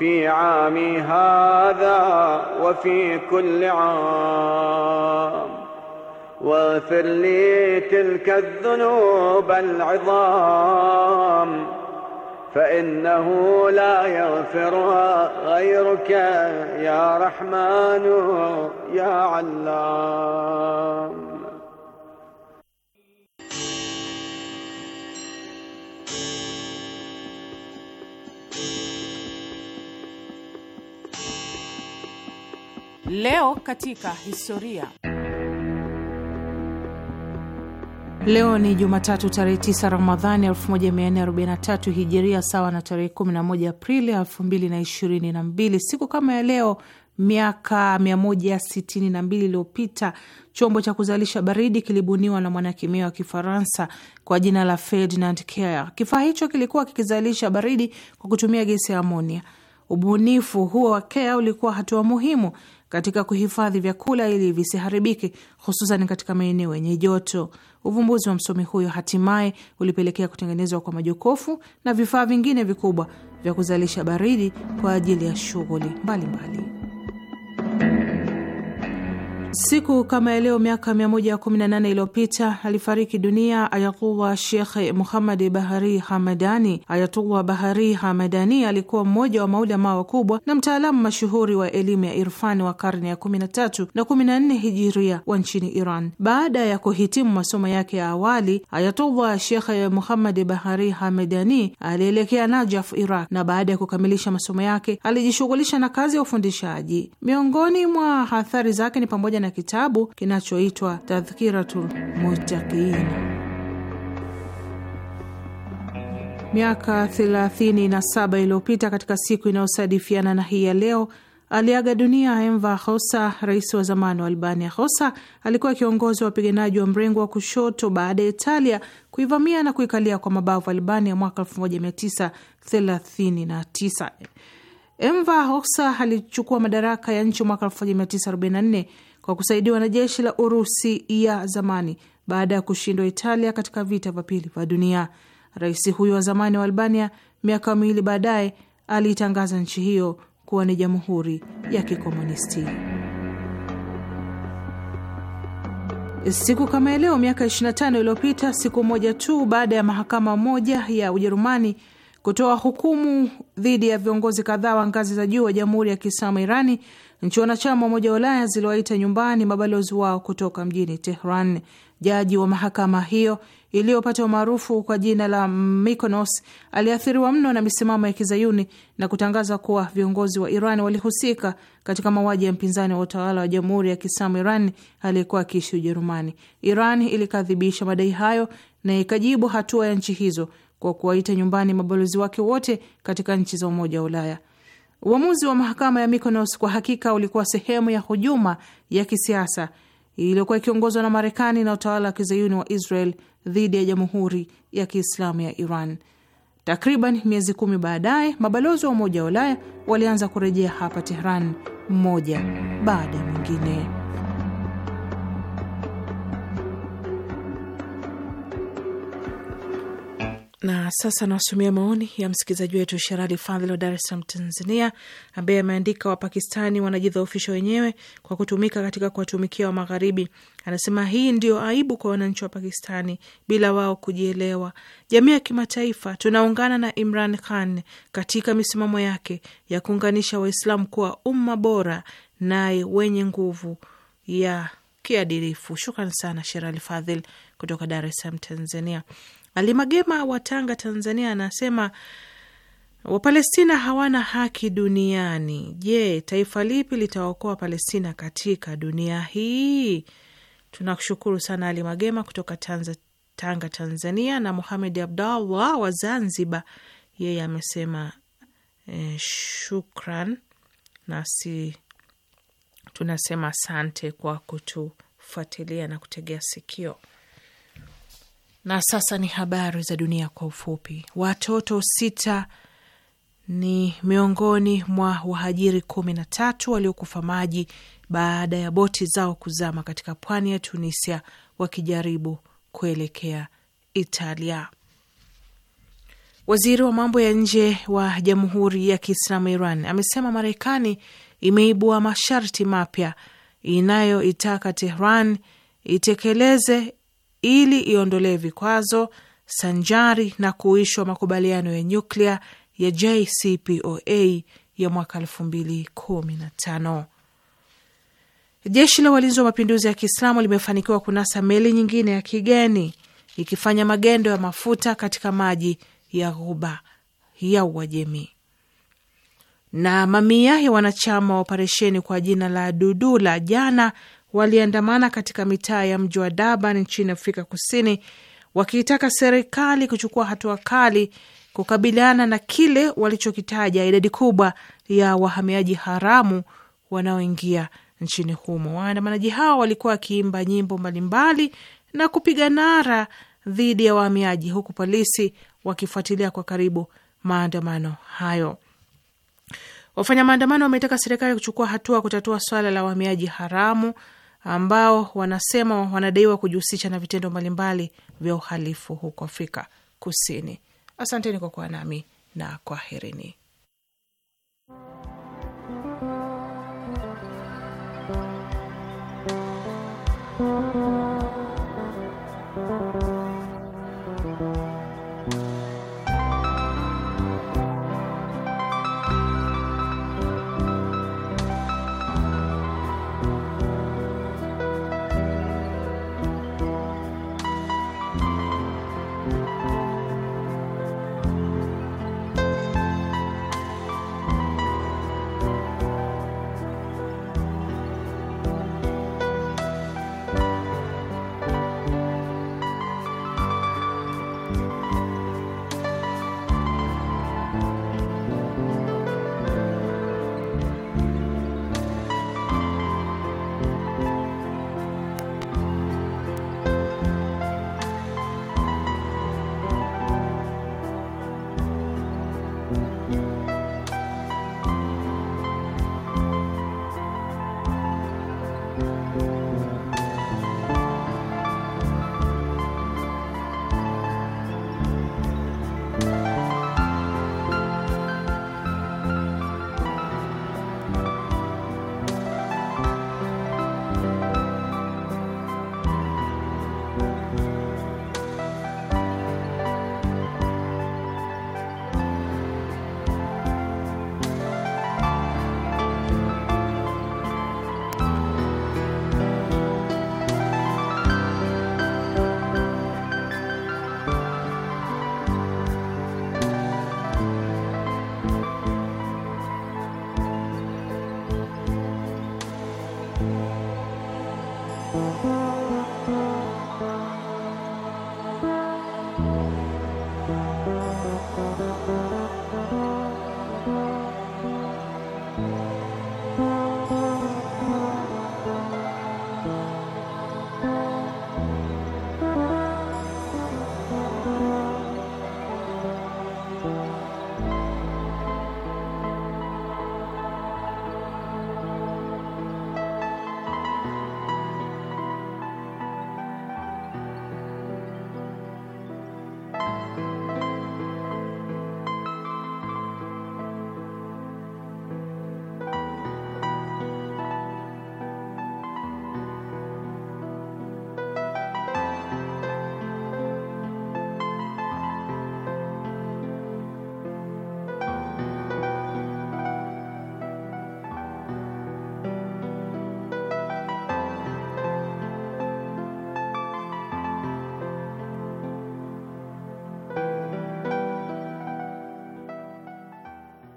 في عامي هذا وفي كل عام واغفر لي تلك الذنوب العظام فإنه لا يغفرها غيرك يا رحمن يا علام Leo katika historia. Leo ni Jumatatu tarehe 9 Ramadhani 1443 Hijiria, sawa na tarehe 11 Aprili 2022. Siku kama ya leo miaka 162 iliyopita chombo cha kuzalisha baridi kilibuniwa na mwanakimia wa Kifaransa kwa jina la Ferdinand Care. Kifaa hicho kilikuwa kikizalisha baridi kwa kutumia gesi ya amonia. Ubunifu huo wa Care ulikuwa hatua muhimu katika kuhifadhi vyakula ili visiharibike, hususan katika maeneo yenye joto. Uvumbuzi wa msomi huyo hatimaye ulipelekea kutengenezwa kwa majokofu na vifaa vingine vikubwa vya kuzalisha baridi kwa ajili ya shughuli mbalimbali. Siku kama ya leo miaka 118 iliyopita alifariki dunia Ayatullah shekh muhamadi Bahari Hamadani. Ayatullah Bahari Hamadani alikuwa mmoja wa maulama wakubwa na mtaalamu mashuhuri wa elimu ya irfani wa karne ya 13 na 14 hijiria wa nchini Iran. Baada ya kuhitimu masomo yake ya awali, Ayatullah shekh muhamadi Bahari Hamadani alielekea Najaf, Iraq, na baada ya kukamilisha masomo yake alijishughulisha na kazi ya ufundishaji. Miongoni mwa athari zake ni pamoja na kitabu kinachoitwa Tadhkiratul Muttaqiin. Miaka 37 iliyopita katika siku inayosadifiana na hii ya leo aliaga dunia Enver Hoxha, rais wa zamani wa Albania. Hoxha alikuwa kiongozi wa wapiganaji wa mrengo wa kushoto baada ya Italia kuivamia na kuikalia kwa mabavu Albania mwaka 1939. Enver Hoxha alichukua madaraka ya nchi mwaka 1944 kwa kusaidiwa na jeshi la Urusi ya zamani baada ya kushindwa Italia katika vita vya pili vya dunia. Rais huyo wa zamani wa Albania miaka miwili baadaye aliitangaza nchi hiyo kuwa ni jamhuri ya kikomunisti. Siku kama leo miaka 25 iliyopita, siku moja tu baada ya mahakama moja ya Ujerumani kutoa hukumu dhidi ya viongozi kadhaa wa ngazi za juu wa jamhuri ya Kiislamu Irani Nchi wanachama wa Umoja wa Ulaya ziliwaita nyumbani mabalozi wao kutoka mjini Tehran. Jaji wa mahakama hiyo iliyopata umaarufu kwa jina la Mikonos aliathiriwa mno na misimamo ya kizayuni na kutangaza kuwa viongozi wa Iran walihusika katika mauaji ya mpinzani wa utawala wa jamhuri ya Kiislamu Iran aliyekuwa akiishi Ujerumani. Iran ilikadhibisha madai hayo na ikajibu hatua ya nchi hizo kwa kuwaita nyumbani mabalozi wake wote katika nchi za Umoja wa Ulaya. Uamuzi wa mahakama ya Mikonos kwa hakika ulikuwa sehemu ya hujuma ya kisiasa iliyokuwa ikiongozwa na Marekani na utawala wa kizayuni wa Israel dhidi ya jamhuri ya kiislamu ya Iran. Takriban miezi kumi baadaye, mabalozi wa Umoja wa Ulaya walianza kurejea hapa Tehran mmoja baada ya mwingine. Na sasa nawasomia maoni ya msikilizaji wetu Sherali Fadhili wa Dar es Salaam, Tanzania, ambaye ameandika Wapakistani wanajidhoofisha wenyewe kwa kutumika katika kuwatumikia wa Magharibi. Anasema hii ndio aibu kwa wananchi wa Pakistani bila wao kujielewa. Jamii ya kimataifa tunaungana na Imran Khan katika misimamo yake ya kuunganisha Waislamu kuwa umma bora naye wenye nguvu ya kiadilifu. Shukran sana Sherali Fadhili kutoka Dar es Salaam, Tanzania. Alimagema wa Tanga, Tanzania, anasema Wapalestina hawana haki duniani. Je, taifa lipi litaokoa Palestina katika dunia hii? Tunakushukuru sana Ali Magema kutoka Tanza, Tanga, Tanzania. Na Muhamed Abdallah wa Zanzibar, yeye amesema eh, shukran, nasi tunasema asante kwa kutufuatilia na kutegea sikio. Na sasa ni habari za dunia kwa ufupi. Watoto sita ni miongoni mwa wahajiri kumi na tatu waliokufa maji baada ya boti zao kuzama katika pwani ya Tunisia wakijaribu kuelekea Italia. Waziri wa mambo ya nje wa Jamhuri ya Kiislamu Iran amesema Marekani imeibua masharti mapya inayoitaka Tehran itekeleze ili iondolee vikwazo sanjari na kuishwa makubaliano ya nyuklia ya JCPOA ya mwaka elfu mbili kumi na tano. Jeshi la walinzi wa mapinduzi ya Kiislamu limefanikiwa kunasa meli nyingine ya kigeni ikifanya magendo ya mafuta katika maji ya Ghuba ya Uajemi. Na mamia ya wanachama wa operesheni kwa jina la Dudu la jana waliandamana katika mitaa ya mji wa Durban nchini Afrika Kusini wakiitaka serikali kuchukua hatua kali kukabiliana na kile walichokitaja idadi kubwa ya wahamiaji haramu wanaoingia nchini humo. Waandamanaji hao walikuwa wakiimba nyimbo mbalimbali na kupiga nara dhidi ya wahamiaji, huku polisi wakifuatilia kwa karibu maandamano hayo. Wafanya maandamano wameitaka serikali kuchukua hatua kutatua swala la wahamiaji haramu ambao wanasema wanadaiwa kujihusisha na vitendo mbalimbali vya uhalifu huko Afrika Kusini. Asanteni kwa kuwa nami na kwaherini.